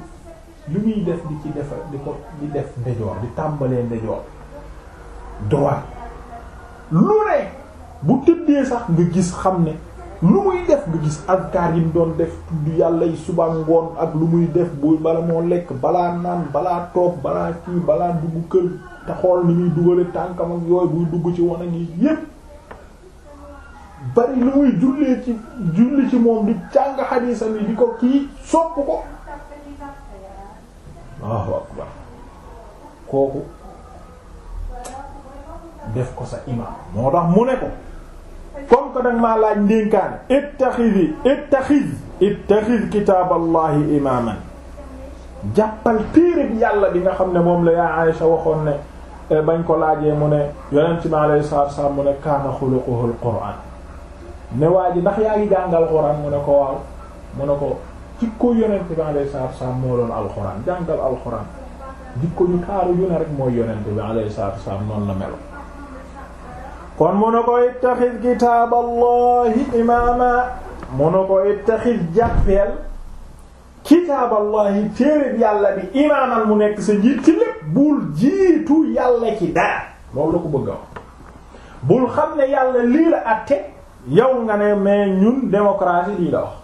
Speaker 1: lu muy def di ci defa di ko di def ndejoor di tàmbalee ndejoor droit lu ne bu tëddee sax nga gis xam ne lu muy def nga gis azkar yi mu doon def du yàlla yi suba ngoon ak lu muy def bu bala moo lekk balaa naan balaa toog balaa kii balaa dugg kër te xool ni muy dugale tànkam ak buy dugg ci wane ngi yépp bari lu muy jullee ci julli ci moom di jàng xadiisam yi di ko kii sopp ko waaw waaw kooku def ko sa imaam moo tax mu ne ko comme que danga maa laaj ndénkaan ittaxidi ittaxid ittaxid kitaaballahi imaaman jàppal téere bi yàlla bi nga xam ne moom la yaa Aysa waxoon ne eh, bañ ko laajee mu ne yonent mi alayhi salaatu salaam mu ne kaana xuluquhul qur'aan ne waa ji ndax yaa ngi jàngal qur'aan mu ne ko waaw mu ne ko jikko yonent bi alayhi salaatu salaam moo doon alqur'aan jàngal alqur'aan jikko ñu taaru yu ne rek mooy yonent bi alayhi salaatu salaam noonu la melo kon mu ne ko ittaxid kitaab allahi mu ne ko ittaxid jàppeel kitaab allahi yàlla bi imaamal mu nekk sa njiit ci lépp bul jiitu yàlla ci dara loolu la ko bëgg a bul xam ne yàlla lii la àtte yow nga ne mais ñun démocratie lii la wax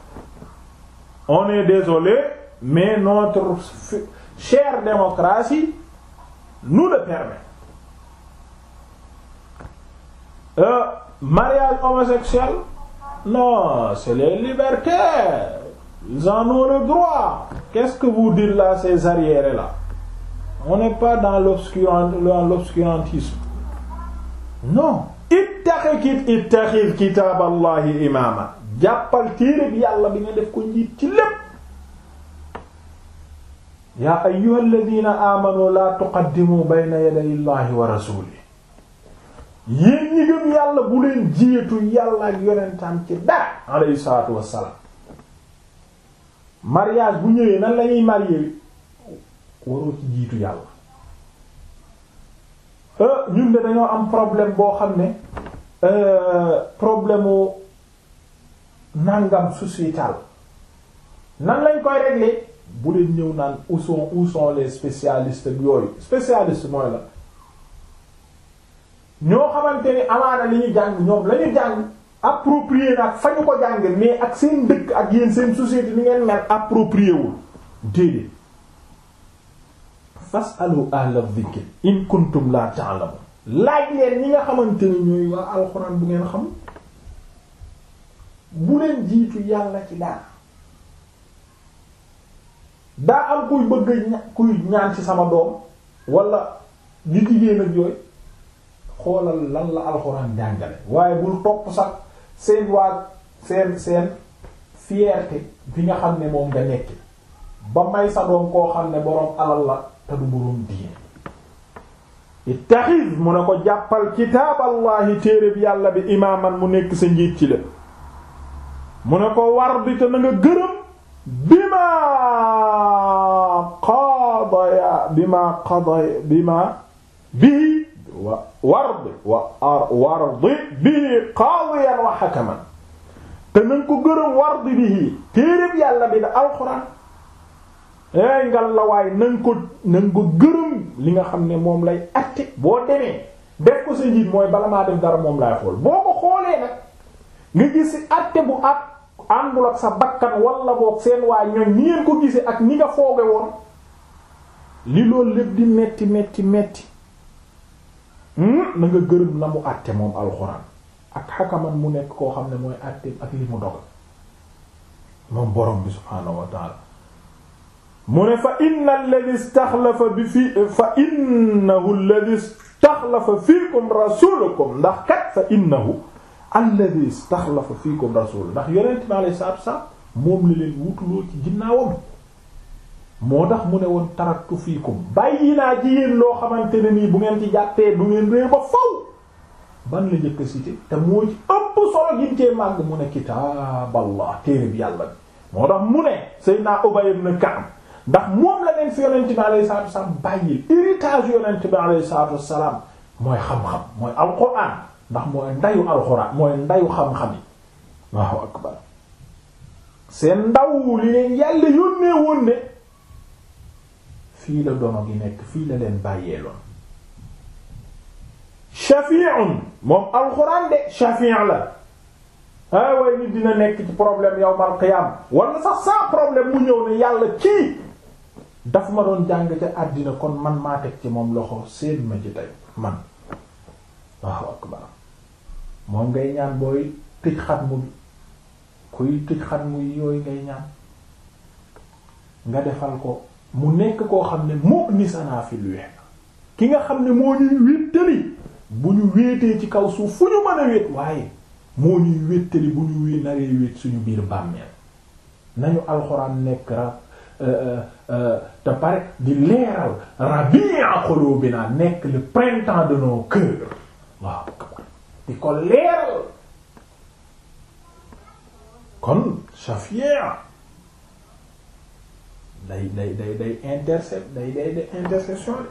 Speaker 1: on désolé mais notre chère démocratie nous le permet Euh, mariage homosexuel non c'est les libertés ils en ont qu'est-ce que vous dites là ces arriérés là on n'est pas dans l'obscurantisme non ittaqi kit ittaxid kitaaballahi imaama jàppal téere bi nga def ko njiit ci lépp yaa ayyuhalladhina la tuqaddimu bayna yadayillahi wa rasulihi yéen ñi gëm yàlla bu leen jiitu yàlla ak yonentam ci dara alayhi salaatu wassalaam mariage bu ñëwee nan lañuy marié waroo ci jiitu yàlla euh ñun de dañoo am problème boo xam ne euh, problème u nàngam sociétal nan lañ koy régler bu leen ñëw naan où sont où sont les spécialistes yooyu spécialiste mooy la ñoo xamante ni amaana li ñu jàng ñoom lañu ñu jàng approprié nag fa ñu ko jàng mais ak seen dëkk ak yéen seen société li ngeen mel approprié wul déedéet fasalu ahla dhikr in kuntum la ta'lamun laaj leen ñi nga xamante ne ñooy waa alxuraan bu ngeen xam bu leen jiitu yàlla ci dara daa am kuy bëgg kuy ñaan ci sama doom walla di jigéen ak xoolal lan la alxuraan jàngale waaye bul topp sax seen waa seen seen fierté bi nga xam ne moom nga nekk ba may sa doom koo xam ne boroom alal la te du boroom diine ittaxiz mu ne ko jàppal kitaaballahi téereb yàlla bi imaaman mu nekk sa njiit ci la mu ne ko war bi te na nga gërëm bimaa qadaya bimaa qadaya bimaa bii wa wardi wa wardi bii qaadiyan wa hakaman te nañ ko gërëm wardi bii téeréb yàlla bi da alxuraan ey ngal la waaye nañ ko nañ ko gërëm li nga xam ne moom lay atte boo demee def ko sa njiit mooy bala maa def dara moom laay xool boo ko xoolee nag nga gis si atte bu at àndul ak sa bakkan wala boog seen waa ñoñ ni ngeen ko gisee ak ni nga fooge woon li loolu lépp di metti metti metti Hmm? na nga gërëm na mu àtte moom alxuraan ak xakaman mu nekk koo xam ne mooy àtteem ak li mu dogal moom borom bi subhaanahu wa mu ne fa inna alladhi istaxlafa bi fi fa innahu alladhi istaxlafa fiikum rasulukum ndax kat fa innahu alladhi istaxlafa fiikum rasul ndax yonent bi alayhi salaatu wa salaam moom la leen wutuloo ci ginnaawam moo tax mu ne woon taraktu fiikum bàyyi naa ci yéen loo xamante ne nii bu ngeen ci jàppee du ngeen réer ba faw ban la njëkk a cité te moo ëpp solo gin màgg mu ne kitaaballah téere bi yàlla bi moo tax mu ne Seydina Ubay ibn Ka'b ndax moom la leen fi yonent bi alayhi salaatu wasalaam bàyyil héritage yonent bi alayhi salaatu mooy xam-xam mooy alquran ndax mooy ndayu alquran mooy ndayu xam-xam yi waaw akbar seen ndaw li leen yàlla yónnee woon ne fii la dono gi nekk fii la leen bàyyee loon shafi'un moom alxuraan de shafi' la ay way nit dina nekk ci problème yawmal qiyaam wala sax sans problème mu ñëw ne yàlla kii daf ma doon jàng ca àddina kon man maa teg ci moom loxo seen ma ci tey man waaw akbar moom ngay ñaan booy tëj xatmu bi kuy tëj xatmu yi yooyu ngay ñaan nga defal ko mu nekk koo xam ne moo nisanaa fi lu weex ki nga xam ne moo ñuy wéttali bu ñu wéetee ci kaw suuf fu ñu mën wéet waaye moo ñuy wéttali bu ñu wé wéet suñu biir bàmmeel nañu alxuraan nekk ra euh, euh, euh, te pare di leeral rabi'a qulubina nekk le printemps de nos cœurs waaw di ko leeral kon shafi'a day day day day intercept day day day intercession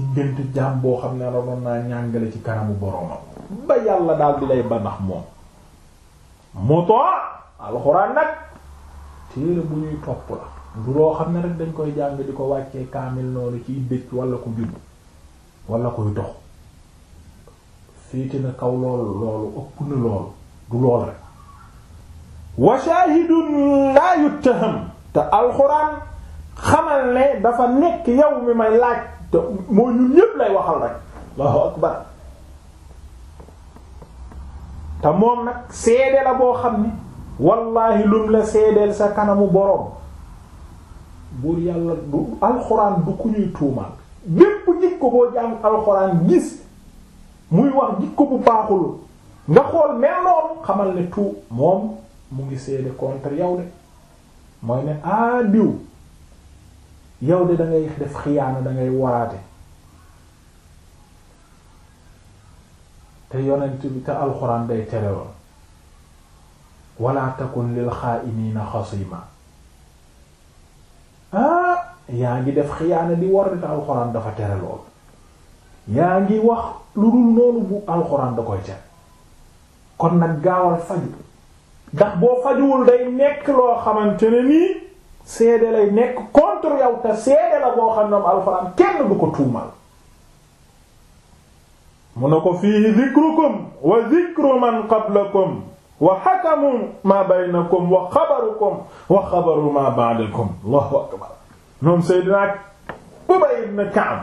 Speaker 1: diggante jaam boo xam ne ranoon naa ñàngale ci kanamu boromam ba yàlla daal di lay banax moom moto alxuraan nag téere bu ñuy topp la du loo xam ne rek dañ koy jàng di ko wàccee kaamil noonu ci dëkk wala ku judd wala kuy dox féete na kaw loolu loolu ëpp na loolu du lool rek wa shahidun la te alxuraan xamal ne dafa nekk yow mi may laaj te lay waxal rek moom nag seede la boo xam ni wallaahi lum la seedeel sa kanamu boroom buur yàlla bu alxuraan du ku ñuy tuumaal bépp jikko boo jàng alxuraan gis muy wax jikko bu baaxul nga xool mel noonu xamal ne tuub moom mu ngi seede contre yow de mooy ne ah diw yow de dangay def xiyaana da ngay waraate te yonent bi te alxuraan day terewoon wala takun lil xaa'iniina xasima ah yaa ngi def xiyaana di war te alxuraan dafa tere lool yaa ngi wax lu dul noonu bu alxuraan da koy tere kon nag gaawal faju ndax boo fajuwul day nekk loo xamante ne nii nekk contre yow te seede la boo xam ne am ko tuumal mu ne ko fii zikrukum wa zikru man qablakum wa hakamu ma baynakum wa xabarukum wa xabaru ma ba'dakum allahu akbar ñoom Seydina Ubay ibn Ka'b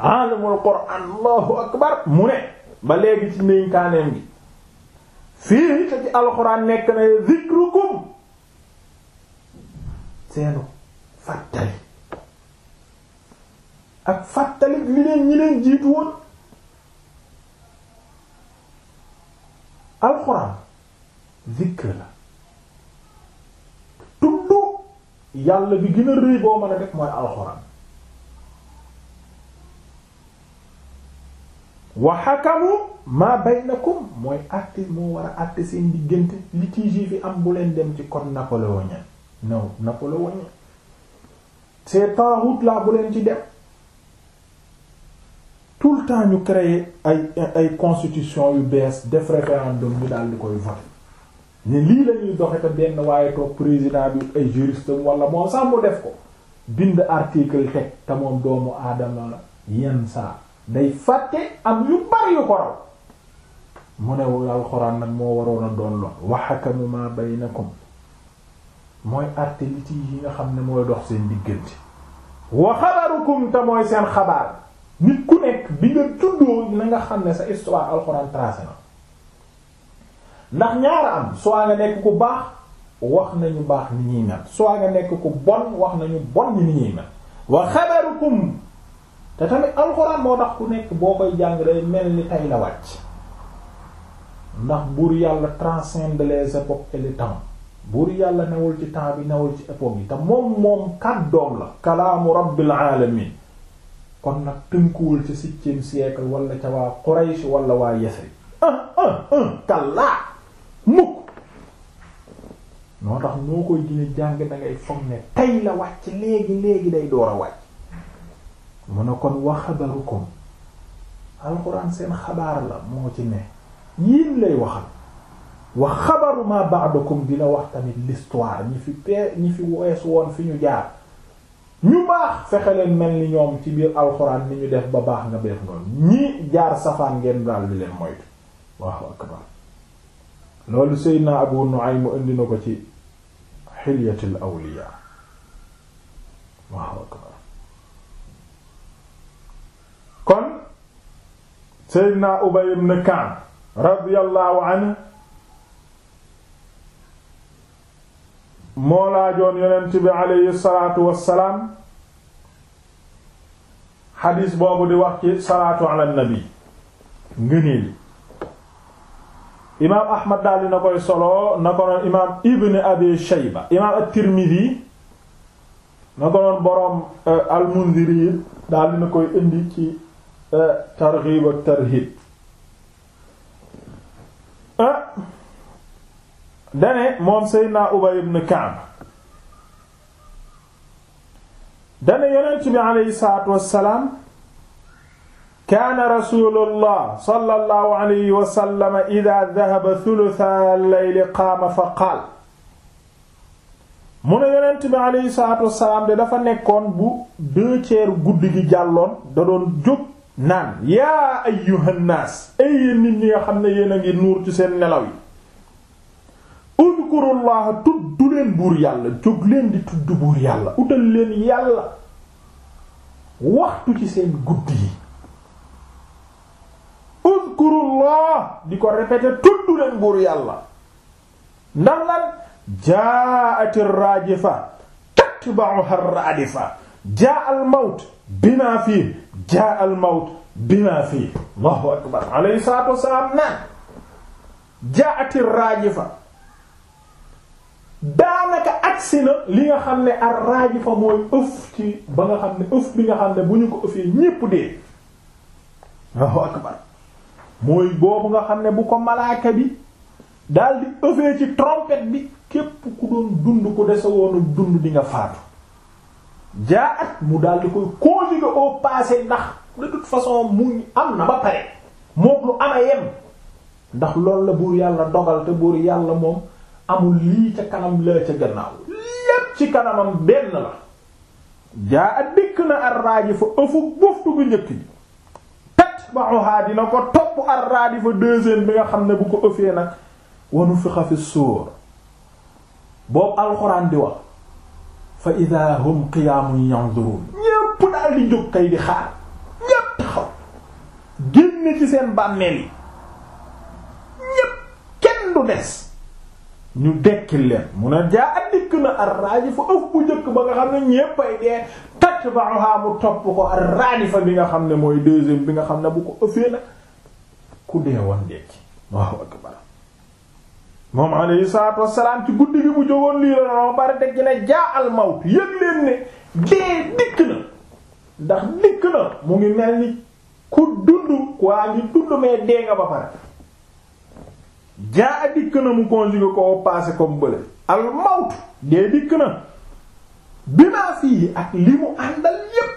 Speaker 1: aalimul qur'aan allahu akbar mu ne ba léegi ci gi fii te ci alxuraan nekk na zikrukum seenu fàttali ak fàttali li leen ñi leen jiitu woon alxuraan zikr la tudd yàlla bi gën a rëy boo mën def mooy alxuraan wa hakamu ma baynakum mooy àtte moo war a àtte seen diggante litige fi am bu leen dem ci kon code napoléonien non napoléonien c'est route là bu leen ci dem tout le temps ñu créer ay ay constitution yu bees def référendum ñu daal di koy voter ne lii la ñuy doxe te benn waaye toog président bi ay juriste wala moo sax mu def ko bind article teg te moom doomu aadama la yenn saa day fàtte am yu bari yu ko raw mu ne alxuraan nag moo waroon a doon lool wa bay na baynakum mooy àtte li ci yi nga xam ne mooy dox seen diggante wa xabarukum te mooy seen xabaar nit ku nekk bi nga juddoo na nga xam ne sa histoire alxuraan tracé na ndax ñaara am soit nga nekk ku baax wax nañu baax ni ñuy mel soo nga nekk ku bon wax nañu bon ni ñuy mel wa xabarukum te tamit alxuraan moo tax ku nekk boo koy jàng day mel ni tay la wàcc ndax buur yàlla transcende les époques et le buur yàlla newul ci temps bi newul ci époque yi te moom moom kàddoom la kalaamu rabbil alamin kon nag tënkuwul ci septième siècle wala ca waa Quraysh wala waa Yasrib un un mukk noo tax noo koy gën jàng da ngay foog ne tay la wàcc léegi léegi day door a wàcc mu ne kon wa xabarukum alxuraan seen xabaar la moo ci ne yéen lay waxal wa xabaru ma ba'dakum dina wax tamit l'histoire ñi fi pe ñi fi wees woon fi ñu jaar ñu baax fexe leen mel ni ñoom ci biir alxuraan ni ñu def ba baax nga beef noonu ñii jaar safaan ngeen daal di leen moytu waaw akbar loolu Seydina Abu Nu'aym indi na ko ci xilyatul awliya waaw akbar kon Seydina Ubay ibn Ka'b radiyallahu anhu moo laajoon yonent bi aleyhi salaatu wassalaam xadiis boobu di wax ci salaatu ala nabi ngëneel imaam Ahmad daal dina koy solo na ko noon imaam Ibn Abi Shayba imaam at-Tirmidhi na ko noon boroom eh, al-Mundhiri daal dina koy indi ci targhib ak tarhib dane moom Seydina Ubay ibn Ka'b dane yonent bi aleyhi salaatu wassalaam kaana alayhi wa idaa dhahaba thulutha layli qaama fa qaala mu ne yonent bi aleyhi dafa nekkoon bu deux guddi gi jàlloon da doon jóg naan yaa ayyuhan naas ay yéen nit ñi nga xam ne yéen a ngi nuur ci seen nelaw yi udkurullaha tudd leen buur yàlla jóg leen di tudd buur yàlla utal leen yàlla waxtu ci seen guddi yi udkurullah di ko répéter tudd leen buur yàlla ndax lan jaa'ati raajifa tatba'uha raadifa jaa al mawt bima fi jaa al mawt bima fii allahu akbar alayhi salaatu wassalaam naan jaati raajifa daanaka agsi na li nga xam ne ar raajifa mooy ëf ci ba nga xam ne ëf bi nga xam ne bu ñu ko ëfee ñépp dee allahu akbar mooy boobu nga xam ne bu ko malaaka bi daal di ëfee ci trompette bi képp ku doon dund ku dese dund di nga faatu jaa at mu daal di koy conjuguer au passé ndax de toute façon mu am na ba pare moom lu ama yem ndax loolu la buur yàlla dogal te buur yàlla moom amul lii ca kanam la ca gannaaw lépp ci kanamam benn la jaa at dikk na arraaji fa ëfu buftu bu njëkk ji tatba'uha dina ko topp arraaji fa deuxième bi nga xam ne bu ko ëfee nag wanu fixa fi suur boobu alxuraan di wax fa ida hum qiyaamun yanzurun ñépp daal di jóg kay di xaar ñépp taxaw génn ci seen bàmmeel yi ñépp kenn du des ñu dekkil leen mun a jaa a dikk na arraaji fa ëf bu njëkk ba nga xam ne ñépp ay dee tatba'uha mu topp ko arraaji fa bi nga xam ne mooy deuxième bi nga xam ne bu ko ëffee nag ku dee woon dekki waaw akbar moom alayhi salaatu wassalaam ci guddi gi mu jógoon lii la noonu bari dëgg ne jaa al mawt ne dee dikk na ndax dikk na mu ngi mel ni ku dund waa ngi dund mais dee nga ba pare jaa a dikk na mu conjugué ko passé comme bële al dee dikk na bi maa ak li mu àndal yépp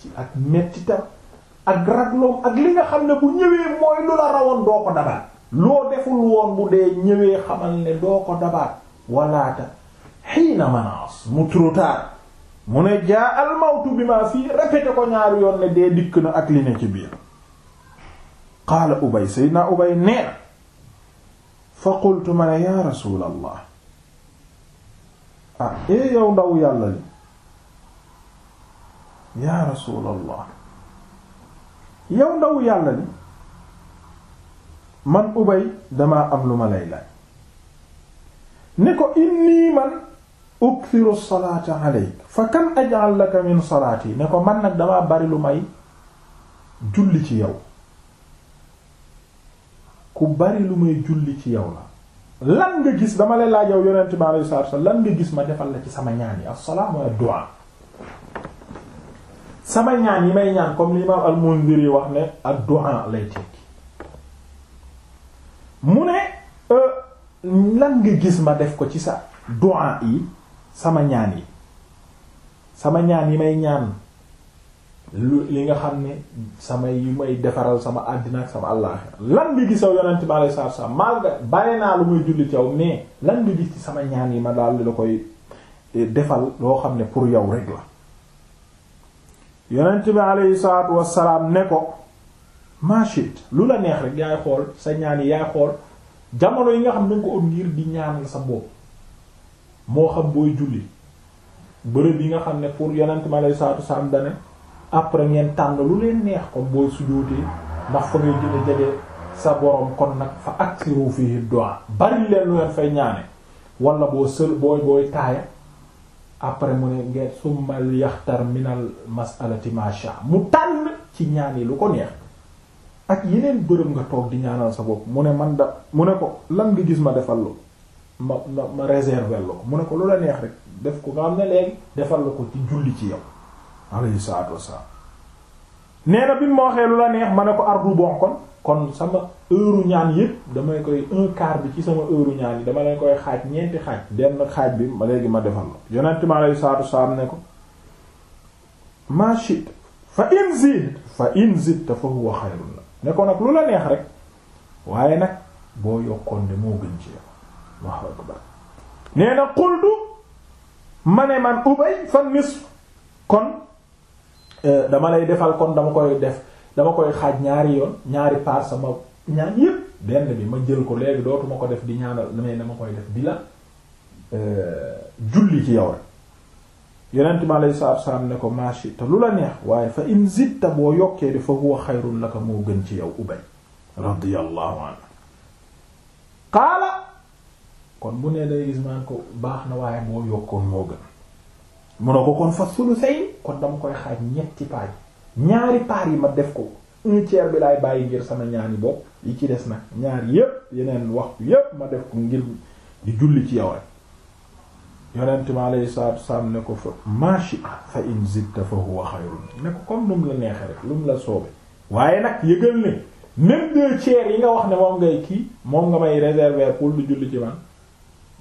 Speaker 1: ci ak mettitam ak ragloom ak li nga xam ne bu ñëwee mooy lu la rawoon doo ko dabal loo deful woon bu dee ñëwee xamal ne doo ko dabaat walaata xiina manaas mu trop tard mu ne jaa almawtu bi ma fii répété ko ñaari yoon ne dee dikk na ak ci biir qaala ubay sayyidina ubay nee na fa qultu ma yaa rasuulallah ah, ee eh, yow ndaw yàlla li yaa rasuulallah yow ndaw yàlla li man ubay damaa am lu ma lay laaj ne ko inni man ukthiru salaata alayka fa kam aj'al laka min salaati ne ko man nag damaa bari lu may julli ci yow ku bari lu may julli ci yow la lan nga gis dama lay laaj yow yonent bi alayhi salaatu wasallam lan nga gis ma defal la ci sama ñaan yi as-salaam wa du'a sama ñaan yi may ñaan comme l'imam al-Mundhiri wax ne ad lay tekki mu ne euh, lan nga gis ma def ko ci sa du'a yi sama ñaan yi sama ñaan yi may ñaan lu li nga xam ne sama yu may defaral sama àddina ak sama àllaaxira lan nga gis yow yonent bi alayhi salaatu salaam maa nga bàyyi naa lu muy julli ci mais lan nga gis ci sama ñaan yi ma daal di la koy eh, defal loo xam ne pour yow rek la yonent bi alayhi salaatu wassalaam ne ko machit lu la neex rek yaay xool sa ñaan yi yaay xool jamono yi nga xam ne nga ko ut ngir di ñaanal sa bopp moo xam booy julli bërëb yi nga xam ne pour yonent ma lay saatu sa am dane après ngeen tànn lu leen neex comme booy sujootee ndax fa ngay gën a jege sa borom kon nag fa aksiru fii du'a bari leen lu leen fay ñaane wala boo sël booy booy taaya après mu ne ngeen summal yaxtar minal mas'alati ma mu tànn ci ñaan yi lu ko neex ak yeneen bërëb nga toog di ñaanal sa bopp mu ne man da mu ne ko lan bi gis ma defal lu ma ma ma réserver la ko mu ne ko lu la neex rek def ko nga am ne léegi defal la ko ci julli ci yow alayhi salaatu wassalaam na bi ma waxee lu la neex ma ne ko ardu bon kon sama ñaan yëpp damay koy un quart bi ci sama heure yi dama leen koy xaaj ñeenti xaaj benn xaaj bi ma léegi ma defal la yonent mi ne ko ma shit fa in zid fa in zid fa huwa xayrun ne ko nag lu la neex rek waaye nag boo yokkoon de moo gën ci yow Allahu akbar nee na qultu ma ne man ubay fan nisf kon euh, dama lay defal kon dama koy def dama koy xaaj ñaari yoon ñaari paar sama ñaan yépp benn bi ma jël ko léegi dootuma ko def di ñaanal damay dama koy def di la euh, julli ci yow rek yonent bi alayhi salaatu salaam ne ko maashi te lu la neex waaye fa in zitta boo yokkee di fa huwa xayrun laka moo gën ci yow ubay
Speaker 2: radiyallahu
Speaker 1: anhu qaala kon bu nee day gis man ko baax na waaye moo yokkoon moo gën mun na ko kon fa sulusayn kon dama koy xaaj ñetti paaj ñaari paar yi ma def ko un tiers bi laay bàyyi ngir sama ñaani bopp yi ci des nag ñaar yépp yeneen waxtu yépp ma def ko ngir di julli ci yow yonent mi alayhi salaatu wasalaam ne ko fa machi fa in zidta fa huwa ne ko comme lu mu la neexe rek lu la soobe waaye nag yëgal ne même deux tiers yi nga wax ne moom ngay kii moom nga may réserver pour lu julli ci man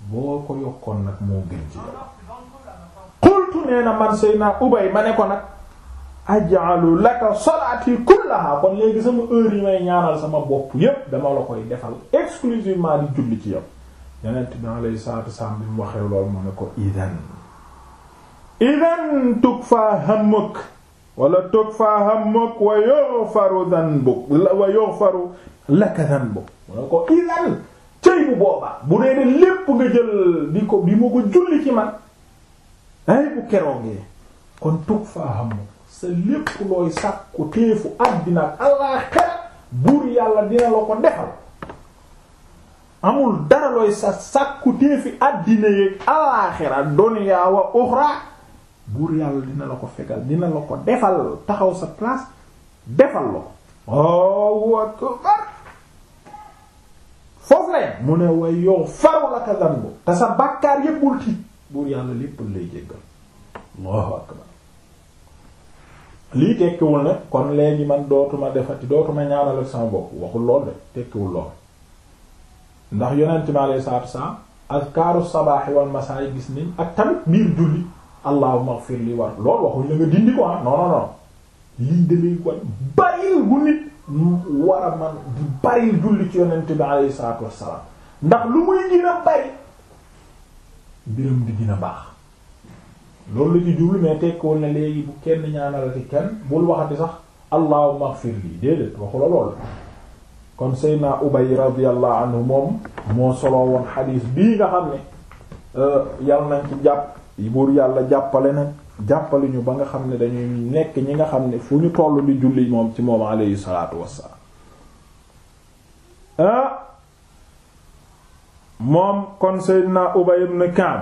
Speaker 1: boo ko yokkoon nag moo gën ci yow qultu nee na man sayna ubay ma ne ko nag aj'alu laka salati kullaha kon léegi sama heure yi may ñaanal sama bopp yépp dama la koy defal exclusivement lu julli ci yow yonent bi alayhi salaatu wassalaam bi mu waxee lool mu ne ko idan idan tukfaa hammuk wala tukfaa hammuk wa yughfaru dhanbuk wa yughfaru laka dhanbuk mu ne ko idan cëy bu boobaa bu dee ne lépp nga jël di ko di mu ko julli ci man ay bu keroogee kon tukfaa hammuk sa lépp looy sàkku téefu àddina ak allah xer buur yàlla dina la ko defal amul dara looy sa sàkku téefi àddina yeeg alaaxira duniyaa wa uxraa buur yàlla dina la ko fegal dina la ko defal taxaw sa place defal la ko Allahu akbar foofu la mu ne way yow faru laka zanbu te sa bàkkaar yéppul tiit buur yàlla lépp lay jéggal lii tekkiwul ne kon léegi man dootuma defati dootuma ñaanal ak sama bopp waxul lool de tekkiwul lool ndax yonent bi alayhi salaatu wasalaam azkaaru sabaaxi wal masaa gis nañ ak tamit biir julli allahumma ighfir war loolu waxuñ la nga dindi ko ah non non non lii dalay bari bu nit war a man di bari julli ci yonent bi alayhi salaatu ndax lu muy gën a bari mbiram di gën baax loolu la ci jublu mais tekkiwul ne léegi bu kenn ñaanalati kenn bul waxati sax allahumma ighfir déedéet waxu loolu kon Seydina Ubay radiyallahu anhu moom moo soloo woon xadiis bii nga xam ne euh, yàlla nañ ci jàpp buur yàlla jàppale na jàppale ñu ba nga xam ne dañuy nekk ñi nga xam ne fu ñu toll di julli moom ci moom alayhi salaatu wassalaam ah euh, moom kon Seydina Ubay ibn Ka'b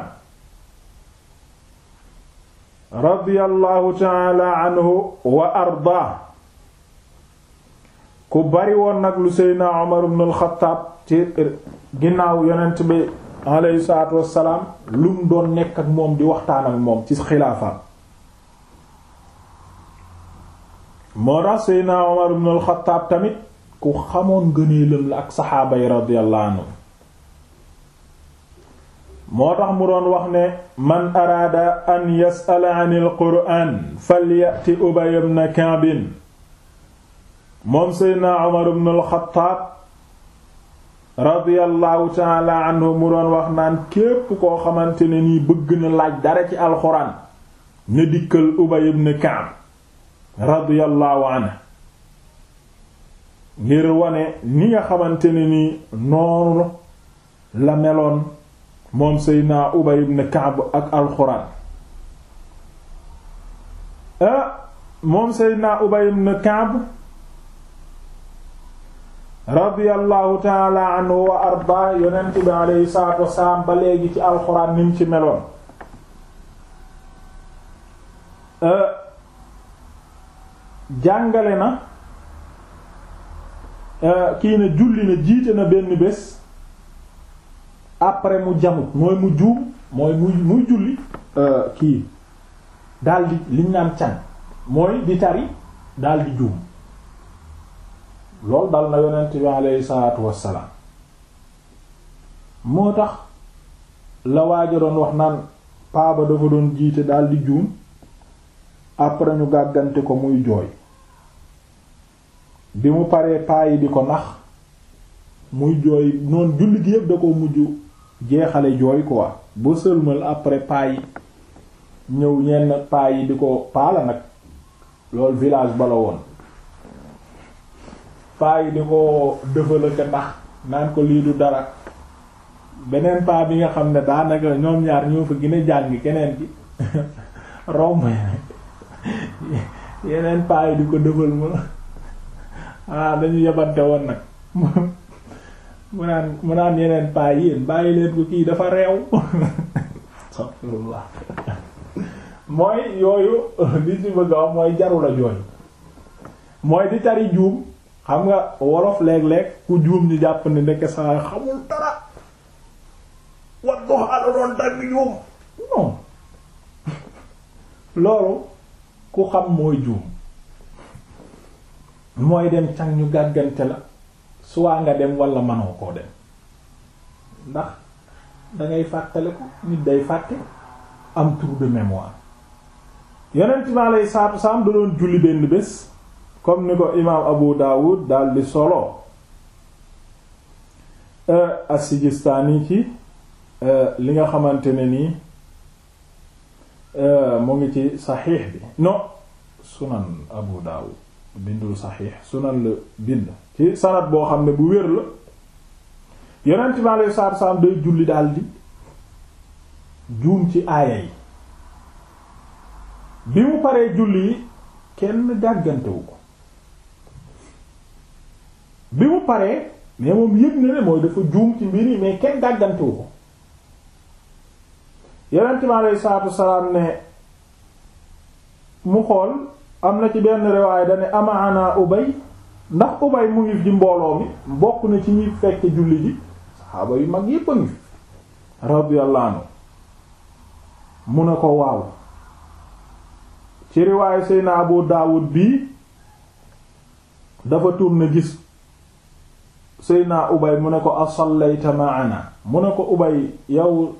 Speaker 1: radiyallahu ta'ala wa ardaa ku bari woon nag lu seydna Umar ibn al ci ginnaaw yonent bi alayhi salaatu wassalaam lu mu doon nekk ak moom di waxtaan ak moom ci xilaafaam moo tax seydna Umar ibn al tamit ku xamoon gëneelam la ak saxaaba radiyallahu moo tax mu doon wax ne man araada an yas'ala 'anil qur'aan falyati Ubay ibn Ka'b moom seydna Umar ibn al-Khattab radiyallahu taala anhu mu doon wax naan képp koo xamante ne nii bëgg na laaj dara ci alxuraan na dikkal Ubay ibn Ka'b radiyallahu anhu ngir wane ni nga xamante ni nii la meloon moom seydna Ubay ibn Ka'b ak alxuraan ah, moom seydna Ubay ibn Ka'b radiyallahu taala anhu wa arda yonent bi alayhi salaatu wasalaam ba léegi ci alxuraan ni mu ci meloon euh, jàngale na euh, kii ne julli na jiite na benn bés après mu jamut mooy mu juum mooy mu muy julli euh, kii daldi liñ naan can mooy di tari daldi juum loolu dal na yonent bi aleyhi salaatu wassalaam moo tax la waaja doon wax naan paaba dafa doon jiite daldi juum après ñu gàggante ko muy jooy bi mu paree paa yi di ko nax muy jooy noonu julli yépp da ko mujj jeexale jooy quoi ba sëlmal après paa ñëw ñenn paa yi di ko paala nag loolu village bala woon paa yi di ko dëfalate ndax naan ko lii du dara beneen paa bi nga xam ne daanaka ñoom ñaar ñoo fa gën a jàng keneen bi (laughs) romb yeneen paa yi di ko dëfal mu ah dañu yebante woon nag (laughs) mu naan mu naan yeneen paa yi yéen bàyyi leen ko kii dafa reew (laughs) mooy yooyu li ci bëgg a mooy jarul a mooy di tari juum xam nga wolof léeg-léeg ku juum ñu jàpp ne ndeke saa xamul dara war dox ala dagg juum non (laughs) loolu ku xam mooy juum mooy dem càng ñu gàggante la suwaa nga dem wala manoo koo dem ndax dangay fàttale ko nit day fàtte am trou de mémoire yonent bi alayhi salaatu salaam da doon julli benn bés comme ni ko imaam abu daawud dal di solo e, asijistaani ci e, li nga xamante ne nii e, mu ngi ci saxiix bi non sunan abu daawud bindul saxiix sunan la bind ci sanad boo xam ne bu wér la yonent bi alayhi salaatu wa salaam day julli daal di ci aaya yi bi mu paree julli yi kenn jàggantewu ko bi mu paree mais moom yëg na ne mooy dafa juum ci mbir yi mais kenn gàggantewu ko yonent bi aleyhi salaatu wasalaam ne mu xool am na ci benn riwaay dane amaana ubay ndax ubay mu ngi ci mbooloo mi bokk na ci ñuy fekk julli ji saxaaba yu mag yépp ngi radiyallahu anhu mu ne ko waaw ci riwaay Seydina Abu bii dafa tourné gis Seydina Ubay mu ne ko asallayta ma'ana mu ne ko Ubay yow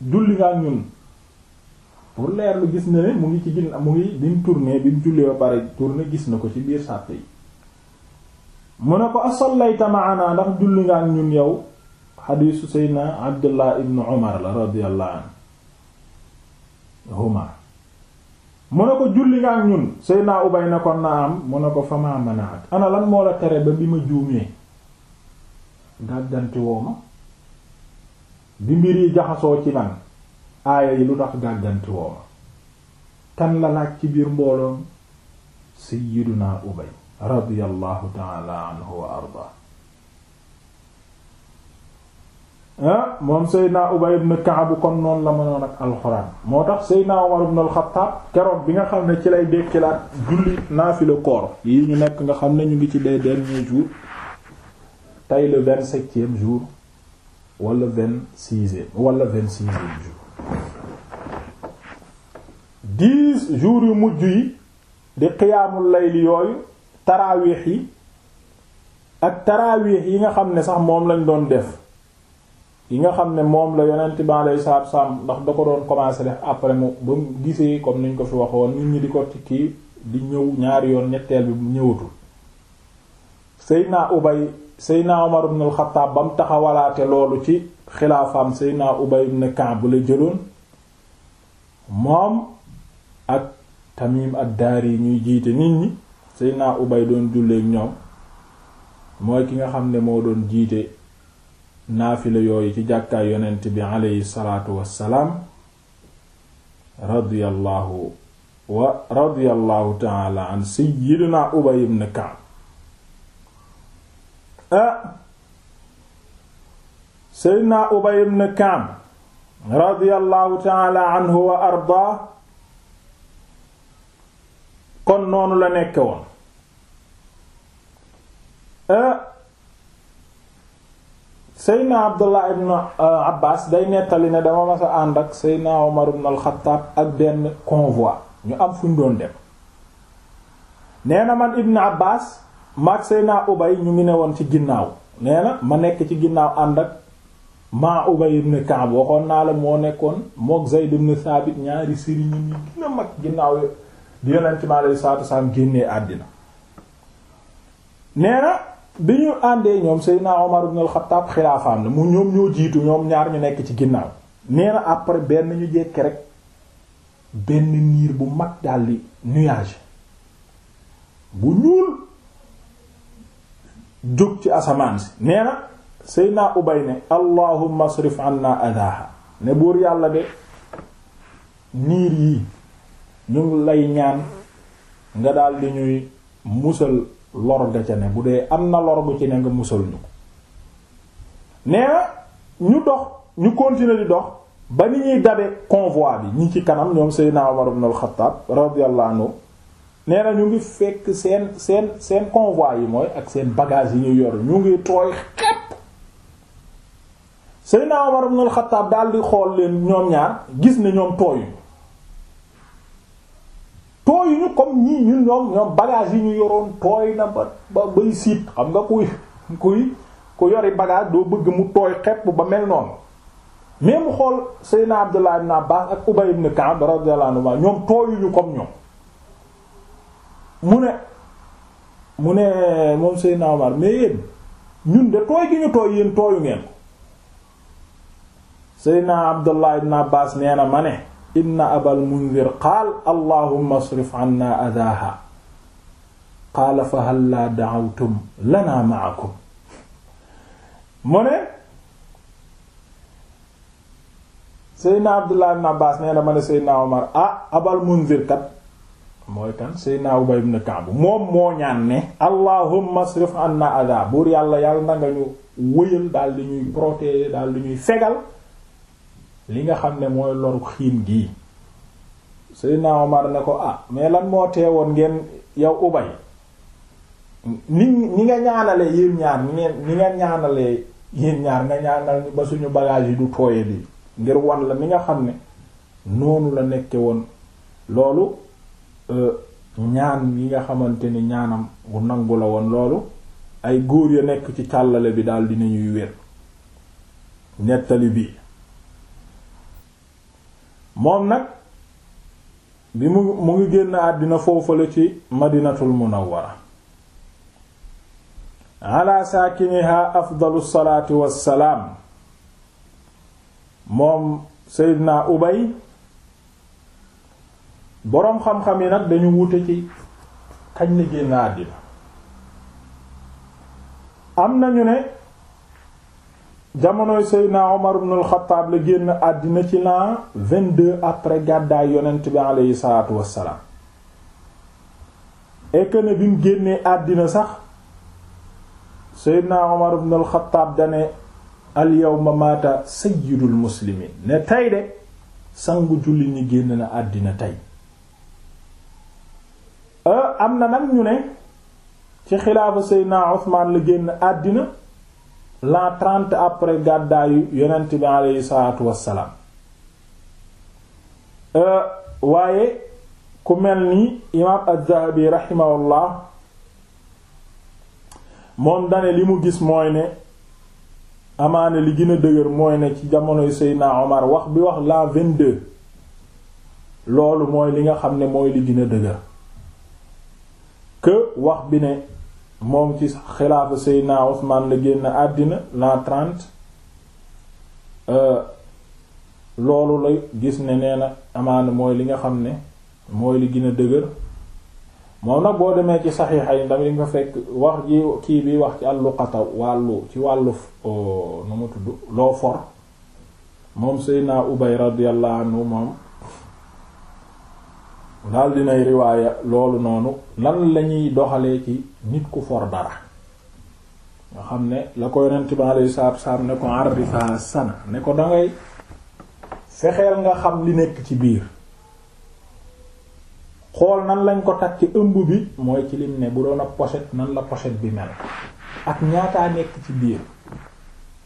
Speaker 1: julli nga ñun pour leer lu gis ne mu ngi ci gin mu ngi bi mu tourné bi ba pare tourné gis na ko ci biir sàppe yi mu ne ko asallayta ma'ana ndax julli nga ñun yow xadiisu Seydina Abdullah ibn Umar la radiyallahu anhuma mu ne ko julli nga ak ñun Seydina Ubay na ko naam mu ne ko fa maa manaat ana lan moo la tere ba bi ma juumee gàgganti woo bi mbir yi jaxasoo ci man aaya yi lu tax gàgganti woo la laaj ci biir mbooloon sayyiduna ubay radiyallahu taala anhu wa arda ah moom Seydina Ubay ibn Ka'b kon noonu la mënoon ak alxuraan moo tax Seydina Umar ibn al-Khattab keroog bi nga xam ne ci lay dekkilaat julli naafila koor yi ñu nekk nga xam ne ñu ngi ci les derniers jours tey le vingt septième jour walla vingt sixième walla vingt sixième jour dix jours yu mujj yi di xiyaamul layli yooyu taraawiix yi ak taraawiix yi nga xam ne sax moom lañ doon def yi nga xam ne moom la yonent bi alayhi salaatu wassalaam ndax da ko doon commencer def après mu ba mu gisee comme niñ ko fi waxoon nit ñi di ko tikki di ñëw ñaari yoon ñetteel bi ñëwatul Seydina Ubay Seydina Omar ibn al ba mu taxawalaate loolu ci xilaafaam Seydina Ubay ibn Ka'b la jëloon moom ak Tamim ad-Dari ñuy jiite nit ñi Seydina Ubay doon julleek ñoom mooy ki nga xam ne moo doon jiite naafila yooyu ci jàkkaay yonent bi aleyhi salaatu wassalaam radiyallahu wa radiyallahu ta'ala an sayyidina Ubay ibn Ka'b ah seydna ubay ibn kaam radiyallahu taala wa arda kon noonu la nekk woon ah. seydna abdullah ibn ah, abbas day nettali ne dama masa ànd ak seydna omar ibn alxataab ak benn convoi ñu am fu ñu doon dem nee man ibn abbas maag Seyna Ubay ñu ngi ne woon ci ginnaaw nee na ma nekk ci ginnaaw ànd ak maa moo nekkoon mook Zayd ibn Thabit ñaari sëriñ ginnaaw di yonent mi àddina nee na bi ñu àndee ñoom Seyna Omar ibn mu ñoom ñoo jiitu ñoom ñaar ñu nekk ci ginnaaw nee na après benn ñu jékki rek benn niir bu mag daldi nuage bu ñuul jóg ci asamaan si nee na Seydina Ubay ne allahumma asrif anna adaha ne buur yàlla de niir yi ñu lay ñaan nga daal di ñuy musal lor ca ne bu dee am na lor gu ci ne nga musal ñu ko nee na ñu dox ñu continuer di dox ba ni ñuy dabe convoi bi ñi ci kanam ñoom Seydina Umar ibn al-Khattab radiyallahu anhu nee na ñu ngi fekk seen seen seen convoi yi mooy ak seen bagage yi ñu yor ñu ngi tooy xepp Seydina Omar ibn al-Khattab daal di xool leen ñoom ñaar gis ne ñoom tooyuñu tooyuñu comme ñii ñun ñoom ñoom bagage yi ñu yoroon tooy na ba ba bay siit xam nga kuy kuy ku yori bagage doo bëgg mu tooy xepp ba mel noonu mais mu xool Seydina Abdullah ibn Abbas ak Ubay ibn Ka'b radiyallahu anhu ñoom tooyuñu comme ñoom mu ne mu ne moom Seydina Omar mais yéen ñun de tooy gi ñu tooy yéen tooyu ngeen ko Seydina Abdullah ibn Abbas nee na ma ne inna abal munzir qaal allahumma asrif anna adaaha qaala fa hal laa da'awtum lanaa ma'akum ne Seydina Abdullah ibn Abbas nee na ma ne Seydina Omar ah abal munzir kat mooy kan Seydina Ubay ibn Ka'b moom moo ñaan ne allahumma asrif anna adha buur yàlla yàlla na nga ñu wëyal daal di ñuy protéger daal di ñuy fegal li nga xam ne mooy loru xiin gii Seydina Omar ne ko ah mais lan moo teewoon ngeen yow Ubay ni ni nga ñaanale yéen ñaar ni nga ñaanale yéen ñaar nga ñaanal ba suñu bagage yi du tooye bi ngir wan la ni nga xam ne noonu la nekke woon loolu Euh, ñaan yi nga xamante ni ñaanam bu nangu la woon loolu ay góor ya nekk ci càllale bi daal dinañuy wér nettali bi moom nag bi mu mu ngi génn àddina foofale ci madinatul munawwara ala saakiniha afdalu salaati wassalaam moom seydina ubay boroom xam-xam yi nag dañu wute ci kañ la génn àddina am na ñu ne jamonoy Seydina Omar ibn al la génn àddina ci l'an vingt-deux après gàddaay yonent bi aleyhi salaatu wassalaam et ne bi génnee àddina sax Seydina Omar ibn al-Khattab dane al-yawma maata sayyidul muslimiin ne tey de sangu julli ñi génn na àddina tey Euh, am na nag ñu ne ci xilaafa Seydina Othman la génn àddina l'an trente après gàddaayu yonent bi aleyhi salaatu wassalaam euh, waaye ku mel ni imaam az-Zahabi moom dane li mu gis mooy ne amaane li gën dëgër mooy ne ci jamonoy Seydina Omar wax bi wax l'an vingt loolu mooy li nga xam ne mooy li gën a dëgër que wax bi ne moom ci xilaafa Seydina Usmaan la génn àddina l'an trente euh, loolu la gis ne nee na amaana mooy li nga xam ne mooy li gën a dëgër moom nag boo demee ci saxiixa yi dam li nga fekk wax ji kii bi wax ci alluqata wàllu ci wàllu oh, nu mu tudd loo for moom Seydina Ubay radiyallahu anhu moom daal dinay riwaaya loolu noonu lan lañuy doxalee ci nit ku for dara nga xam ne la ko yonent bi alayhi salaatu salaam ne ko arrifa sana ne ko dangay fexeel nga xam li nekk ci biir xool nan lañ ko takk ci ëmb bi mooy ci lim ne bu doon a nan la pochette bi mel ak ñaataa nekk ci biir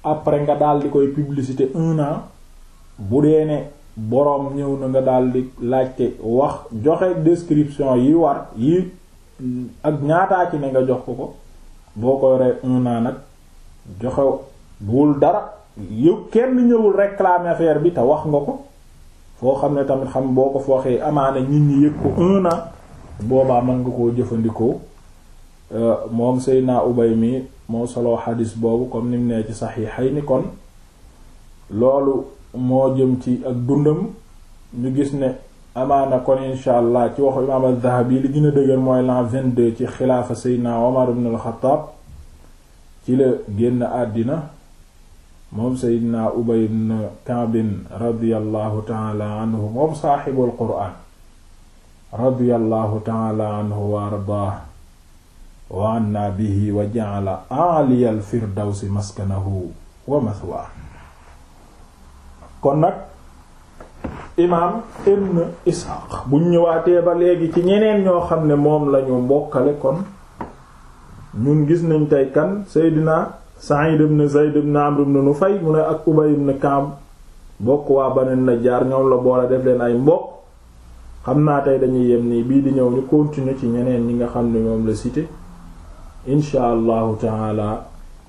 Speaker 1: après nga daal di koy publicité un an bu dee ne boroom ñëw na nga daldi laajte wax joxe description yi war yi ak ñaata ci ne nga jox ko ko boo ko yoree un nag joxe bul dara yow kenn ñëwul réclamer affaire bi te wax nga ko foo xam ne tamit xam boo ko fa waxee amaana nit ñi yëg ko un an boobaa mën nga koo jëfandikoo euh, moom naa Ubay mi moo solo xadis boobu comme ni mu nee ci saxiixay ni kon loolu moo jëm ci ak dundam ñu gis ne amaana kon incha allah ci waxu imaam az-Zahabi li gën dëgër mooy l'an vingt-deux ci xilaafa seydna Omar ibn al ci la génn àddina moom seydna Ubay ibn Ka'b radiyallahu taala anhu moom saaxibul quraan radiyallahu taala anhu wa ardaah wa anna bihi wa ja'ala a'liyal firdawsi maskanahu wa mathwaahu kon nag imaam ibn Ishaq buñ ñëwaatee ba léegi ci ñeneen ñoo xam ne moom lañu mbokkale kon ñun gis nañ tey kan Seydina Sa'id ibn Zayd ibn Amr ibn Nufay mu ne ak Ubay ibn Ka'b bokk waa Banu Najjaar ñoom la boole def leen ay mbokk xam naa tey dañuy yem nii bii di ñëw ñu continuer ci ñeneen ñi nga xam ne ñoom la cité incha allahu taala